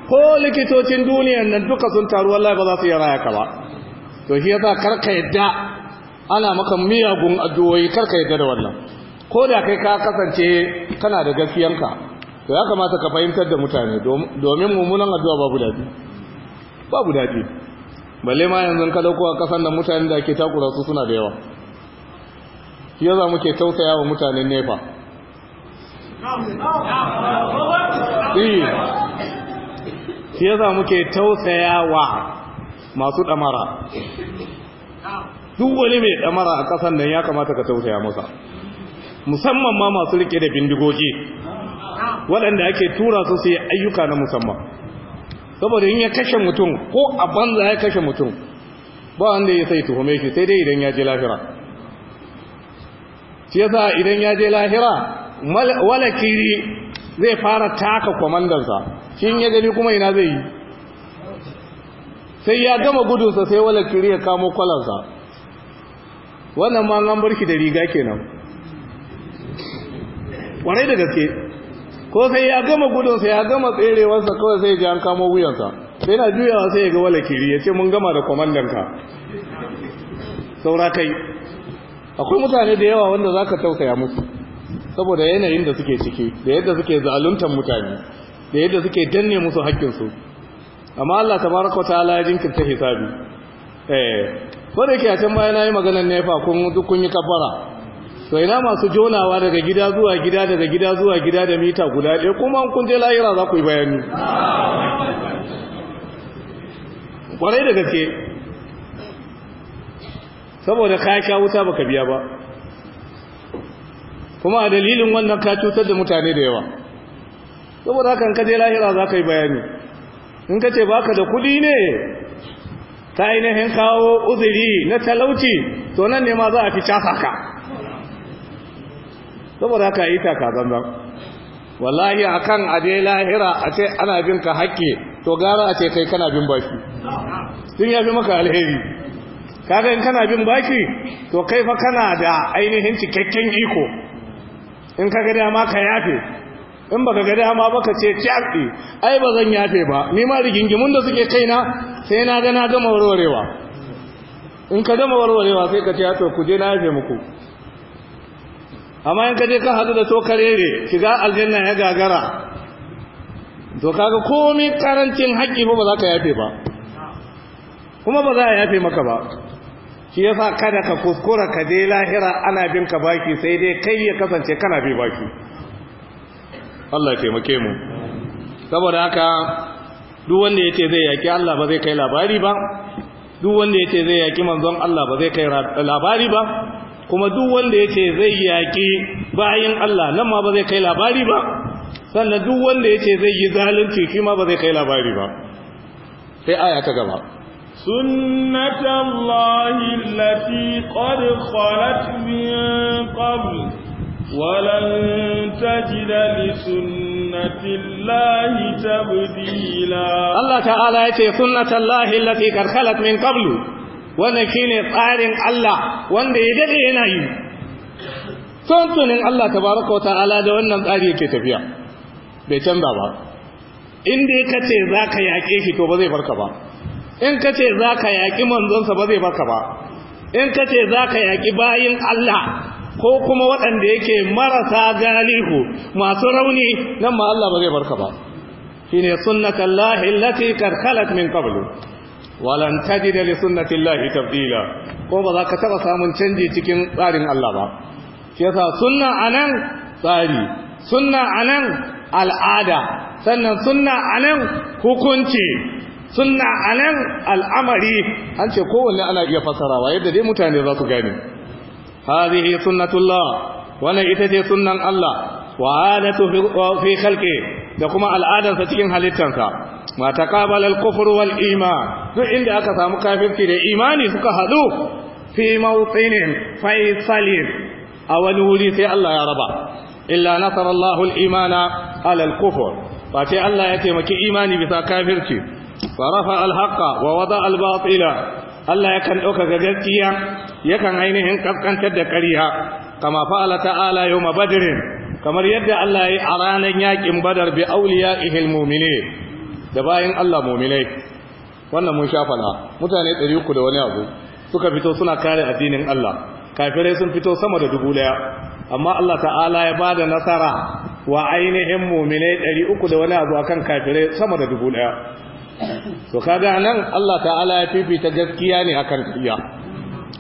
ko likitocin duniyan nan duka sun taru wallahi ba za su yi raya ba to shi yasa karka yadda ana maka miyagun addu'o'i karka yadda da wannan ko da kai ka kasance kana da gaskiyanka to ya kamata ka fahimtar da mutane domin mummunan addu'a babu dadi babu dadi balle ma yanzu ka dauko a kasan da mutanen da ke takura su suna da yawa shi yasa muke tausaya wa mutanen nefa eh. shi yasa muke tausaya wa masu damara duk wani mai damara a kasan nan ya kamata ka tausaya masa musamman ma masu rike da bindigogi waɗanda ake tura su su yi ayyuka na musamman saboda in ya kashe mutum ko a banza ya kashe mutum ba wanda ya sai tuhume shi sai dai idan ya je lahira shi yasa idan ya je lahira wala kiri zai fara taka kwamandansa shi ya gani kuma ina zai yi sai ya gama gudunsa sai wala kiri ya kamo kwalansa wannan ma an bar shi da riga kenan kwarai da gaske ko sai ya gama gudunsa ya gama tserewarsa kawai sai ji an kamo wuyansa sai na juyawa sai ya ga wala kiri ya ce mun gama da kwamandanka saura kai akwai mutane da yawa wanda za ka tausaya musu saboda yanayin da suke ciki da yadda suke zaluntar mutane da yadda suke danne musu haƙƙinsu amma Allah ta mara wa ta'ala ya jinkirta hisabi eh ko da yake a can bayan yi maganar nefa kun duk kun yi kafara to ina masu jonawa daga gida zuwa gida daga gida zuwa gida da mita guda ɗaya kuma kun je lahira za ku yi bayani ƙwarai da gaske saboda ka sha wuta ka biya ba kuma a dalilin wannan ka cutar da mutane da yawa saboda hakan ka je lahira za ka yi bayani in ka ce ba ka da kuɗi ne ta ainihin kawo uzuri na talauci to nan ne ma za a fi casa ka saboda haka yi taka zanzan wallahi a kan aje lahira a ce ana bin ka haƙƙi to gara a ce kai kana bin baki sun yafi maka alheri kaga in kana bin baki to kai fa kana da ainihin cikakken iko in ka ga dama ka yafe in baka ga dama baka ce ciyarɗi ai ba zan yafe ba ni ma rigingimun da suke kaina sai na ga na gama warwarewa in ka gama warwarewa sai ka ce to ku je na yafe muku amma in ka je ka hadu da tokarere shiga aljanna ya gagara to kaga komai karancin haƙƙi ba ba za ka yafe ba kuma ba za a yafe maka ba shi yasa kada ka kuskura ka je lahira ana bin ka baki sai dai kai ya kasance kana bi baki Allah ya taimake mu saboda haka duk wanda yace zai yaki Allah ba zai kai labari ba duk wanda yace zai yaki manzon Allah ba zai kai labari ba kuma duk wanda ya ce zai yaƙi bayan Allah nan ma ba zai kai labari ba sannan duk wanda ya ce zai yi zalunci shi ma ba zai kai labari ba sai aya ta gaba sunnatullahi allati qad khalat min qabl ولن تجد لسنة الله تبديلا الله تعالى يتي سنة الله التي قد خلت min qablu. wannan shine tsarin Allah wanda ya dade yana yi tuntunin Allah tabaraka wa ta'ala da wannan tsari yake tafiya bai canza ba in dai ka ce za ka yaƙe shi to ba zai barka ba in ka ce za ka yaƙi manzonsa ba zai barka ba in ka ce za ka yaƙi bayin Allah ko kuma waɗanda yake marasa galihu masu rauni nan ma Allah ba zai barka ba shine sunnatullahi allati karkalat min qablu walan tajida li sunnatillahi tabdila ko ba za ka taba samun canji cikin tsarin Allah ba shi yasa sunna anan tsari sunna anan al'ada sannan sunna anan hukunci sunna anan al'amari an ce kowanne ana iya fasarawa yadda dai mutane za su gane hadhihi sunnatullah wannan ita ce sunnan Allah wa adatu fi khalqi da kuma al'adarsa cikin halittarsa ma taqabala al wal iman duk inda aka samu kafirci da imani suka hadu fi mawtinin faisalin a wani wuri sai Allah ya raba illa nasara Allah al-imana ala al-kufr fa sai Allah ya taimaki imani bisa kafirci fa rafa al-haqa wa wada al-batila Allah yakan dauka gaskiya yakan ainihin kaskantar da ƙarya kama fa'ala ta'ala yawma badrin kamar yadda Allah ya yi a ranar yakin badar bi auliya ihil mumine da bayin Allah mumine wannan mun shafa na. mutane 300 da wani abu suka fito suna kare addinin Allah kafirai sun fito sama da dubu daya amma Allah ta'ala ya bada nasara wa ainihin mumine 300 da wani abu akan kafirai sama da dubu daya to kaga nan Allah ta'ala ya fifita gaskiya ne akan kiyya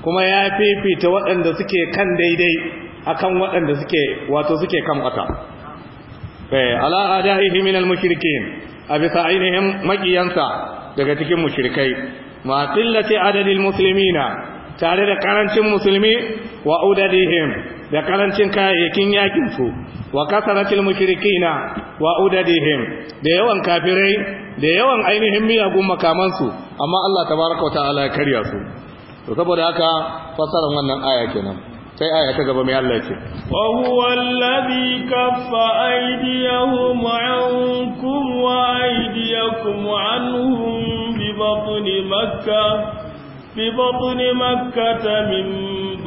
kuma ya fifita waɗanda suke kan daidai akan waɗanda suke wato suke kan wata eh, ala adaihi min al-mushrikin a bisa ainihin makiyansa daga cikin mushrikai ma adadin musulmi na, tare da karancin musulmi wa udadihim da karancin kayayyakin yakin su wa kasaratil mushrikina wa udadihim da yawan kafirai da yawan ainihin miyagun makamansu. su amma Allah tabaraka wa ta'ala ya karya su to saboda haka fasaran wannan aya kenan sai aya ta gaba mai Allah ce wa huwa alladhi kaffa aydiyahum ankum wa aydiyakum anhum bi batni makkah bi batni makkah min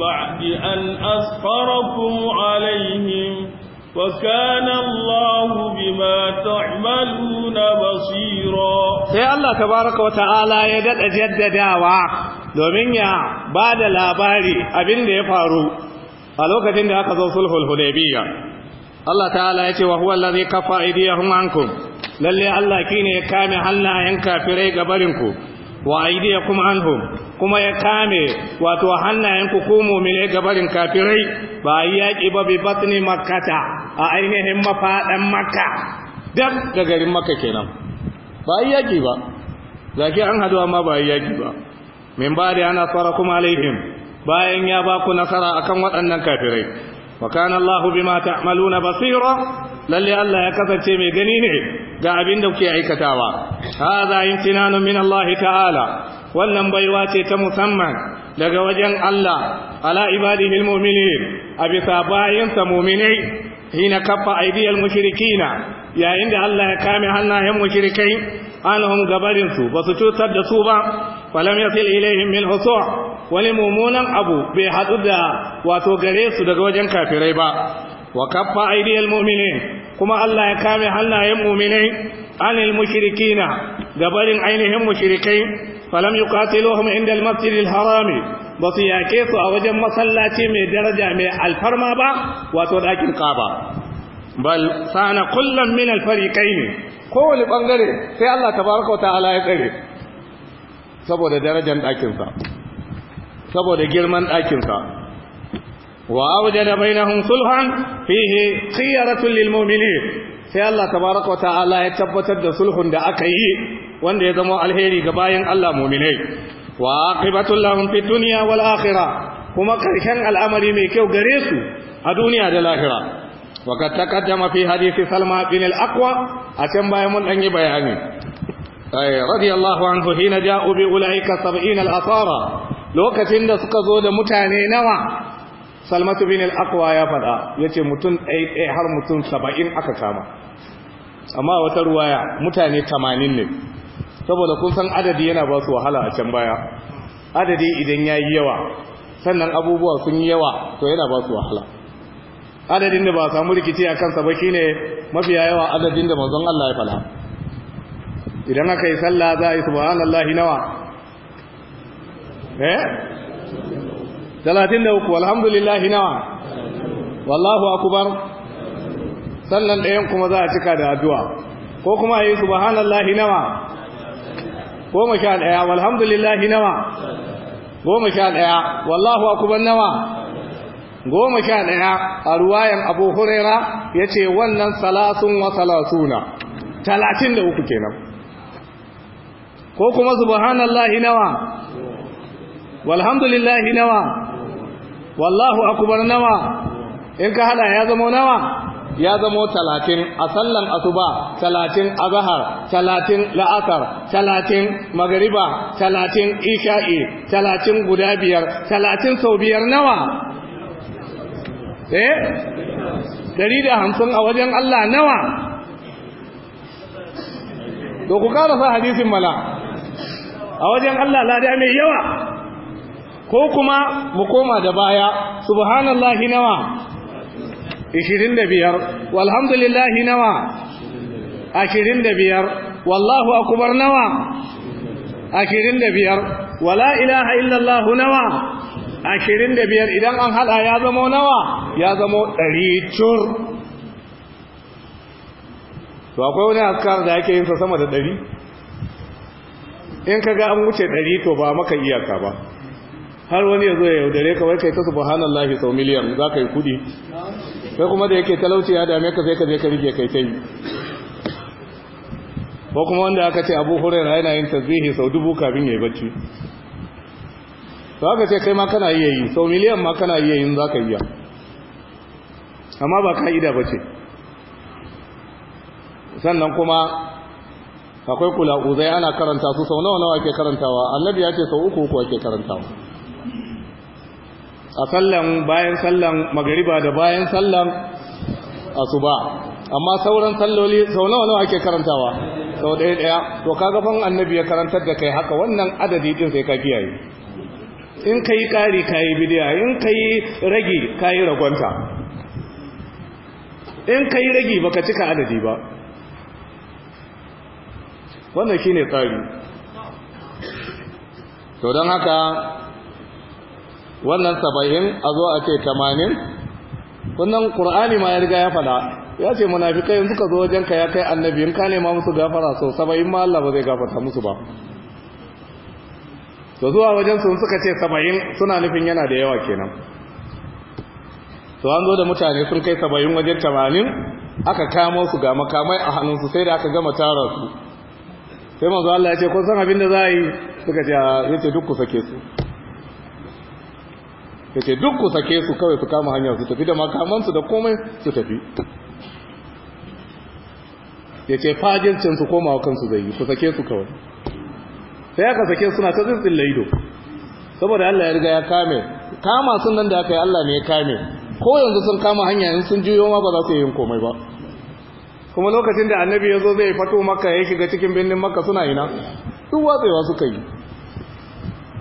ba'di an asfarakum alaihim وكان الله بما تعملون بصيرا سي الله تبارك وتعالى يدد جدداوا domin ya ba da labari abin da ya faru a lokacin da aka zo sulhul hudaybiyya Allah ta'ala ya ce wa huwa allazi kafa aydiyahum ankum lalle Allah kine ya kame hannayen kafirai ga barinku wa aydiyakum anhum kuma ya kame wato hannayen ku ku mu'mine ga barin kafirai ba yaki ba bi batni makkata a ainihin mafadan makka dan da garin makka kenan ba yaki ba zaki an hadu amma ba yaki ba min ba da yana tsara kuma alaihim bayan ya ba ku nasara akan waɗannan kafirai wa bi ma bima ta'maluna basira lalle Allah ya kasance mai gani ne ga abin da kuke aikatawa hadha imtinanun min Allah ta'ala wannan baiwa ce ta musamman daga wajen Allah ala ibadihi almu'minin abisa bayinsa mu'minai hina kaffa aydiyal mushrikina yayin da Allah ya kame hannayen mushrikai anhum gabarin su ba su cutar da su ba falam yasil ilaihim min husu wani mummunan abu bai hadu da wato gare su daga wajen kafirai ba wa kaffa aidiyal mu'minin kuma Allah ya kame hannayen mu'minai anil mushrikina gabarin ainihin mushrikai falam yuqatiluhum inda al-masjidil harami ba su yake su a wajen masallaci mai daraja mai alfarma ba wato ɗakin kaba bal sana kullum min ne. kowane ɓangare. sai Allah tabaraka wa ta'ala ya tsare saboda darajar ɗakinsa, saboda girman ɗakin wa awjada bainahum sulhan fihi khiyaratun lil mu'minin sai Allah tabaraka wa ta'ala ya tabbatar da sulhun da aka yi wanda ya zama alheri ga bayan Allah mu'minai wa aqibatul lahum fid dunya wal akhirah kuma karshen al'amari mai kyau gare su a duniya da lahira وقد تقدم في حديث سلمى بن الأقوى عشان باي من أني بياني أي رضي الله عنه حين جاءوا بأولئك سبعين الأصارى لوكتين دا suka zo da mutane nawa Salmatu bin al-Aqwa ya fada yace mutum ɗaya ɗaya har mutum 70 aka kama amma wata ruwaya mutane 80 ne saboda kun san adadi yana ba su wahala a can baya adadi idan yayi yawa sannan abubuwa sun yi yawa to yana ba su wahala adadin da ba a samu rikici a kansa ba shine mafi yawa adadin da manzon Allah ya fada idan aka yi sallah za a yi subhanallahi nawa eh 33 alhamdulillah nawa wallahu akbar sannan ɗayan kuma za a cika da addu'a ko kuma yi subhanallahi nawa goma sha ɗaya walhamdulillahi nawa goma sha ɗaya wallahu akubar nawa goma sha ɗaya a ruwayan abu huraira ya ce wannan salasun wa salasuna talatin da uku kenan ko kuma subhanallahi nawa walhamdulillahi nawa wallahu akubar nawa in ka hada ya zama nawa ya zamo talatin a sallan asuba talatin a zahar talatin la'asar talatin magariba talatin isha'i talatin guda biyar talatin sau biyar nawa eh dari da a wajen Allah nawa to ku karasa hadisin mala a wajen Allah lada mai yawa ko kuma mu koma da baya subhanallahi nawa 25 walhamdulillah, nawa 25 wallahu akbar nawa 25 wala ilaha illallah nawa ashirin da biyar idan an haɗa ya zama nawa ya zama ɗari cur to akwai wani askar da ake sa sama da ɗari in ka ga an wuce ɗari to ba maka iyaka ba har wani ya zo ya yaudare ka wai kai ta subhanallahi sau miliyan za ka yi kudi sai kuma da yake talauci ya dame ka sai ka je ka rige kai ta yi ko kuma wanda aka ce abu hurairu yana yin tazihi sau dubu kafin ya yi bacci za ka ce kai ma kana iya yi sau miliyan ma kana iya yin za ka iya. amma ba ka'ida ba ce sannan kuma akwai kula uzai ana karanta su sau nawa nawa ke karantawa annabi ya ce sau uku uku ke karantawa a sallan bayan sallan magariba da bayan sallan asuba amma sauran salloli sau nawa nawa ke karantawa sau ɗaya ɗaya to kaga annabi ya karantar da kai haka wannan adadi din sai ka kiyaye in ka yi ƙari ka yi bidiya in ka yi ragi ka yi ragonta in ka yi ragi ba ka cika adadi ba wannan shi ne tsari to don haka wannan saba'in a zo a ce tamanin wannan ƙur'ani ma ya riga ya fada ya ce kayan suka zo wajenka ya kai annabi in ka nema musu gafara sau saba'in ma Allah ba zai gafarta musu ba to zuwa wajen sun suka ce saba'in suna nufin yana da yawa kenan to an zo da mutane sun kai saba'in wajen tamanin aka kamo su ga makamai a hannunsu sai da aka gama tara su sai manzo Allah ya ce kun san abin da za a yi suka ce ya ce duk ku sake su ya ce duk ku sake su kawai su kama hanyar su tafi da makamansu da komai su tafi ya ce fajircin su koma wa kansu zai yi ku sake su kawai sai aka sake suna ta zirgin laido saboda Allah ya riga ya kame kama sun nan da aka yi Allah ne ya kame ko yanzu sun kama hanya in sun juyo ma ba za su yi komai ba kuma lokacin da annabi ya zo zai fato maka ya shiga cikin birnin maka suna ina duk watsewa suka yi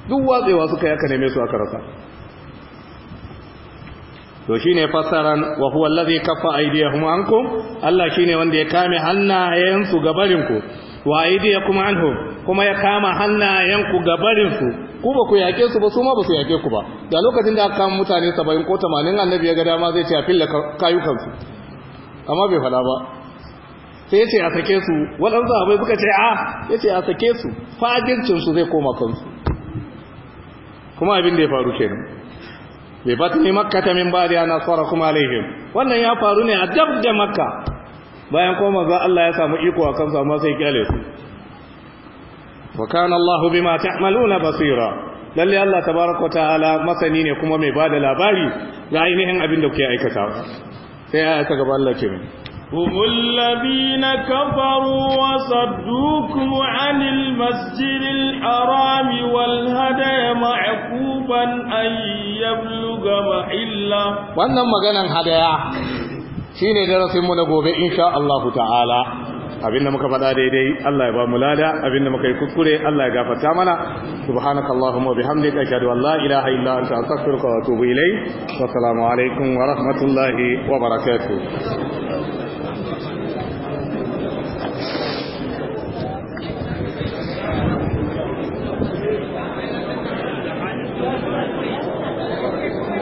duk watsewa suka yi aka neme su aka rasa to shine fassaran wa huwa allazi kaffa aydiyahum ankum Allah shine wanda ya kame hannayen su gabarin ku wa kuma anhum kuma ya kama hannayen ku gabarin su ku ba ku yake su ba su ma ba su yake ku ba da lokacin da aka kama mutane 70 ko 80 annabi ya ga dama zai ce a filla kayukan su amma bai fada ba sai yace a sake su wadansu abai suka ce a ah, yace a sake su fajircin su zai koma kansu kuma abin da ya faru kenan ne Makka ta min ba'di an kuma alaihim wannan ya faru ne a dab da makka bayan kuma manzon Allah ya samu iko a kansa amma sai kyale su wa kana Allah bima ta'maluna basira lalle Allah tabaraka ta'ala masani ne kuma mai bada labari ga ainihin abin da kuke aikata sai ya aika gaba Allah ce هم الذين كفروا وصدوكم عن المسجد الحرام والهدي معكوبا illa. Wannan shine darasin mu na gobe insha Allah ta'ala abinda muka faɗa daidai Allah ya ba mu lada abinda muka yi kuskure Allah ya gafarta mana subhanakallahumma bihamdika ashhadu an la ilaha illa anta astaghfiruka wa atubu ilayk wa assalamu alaikum wa rahmatullahi wa barakatuh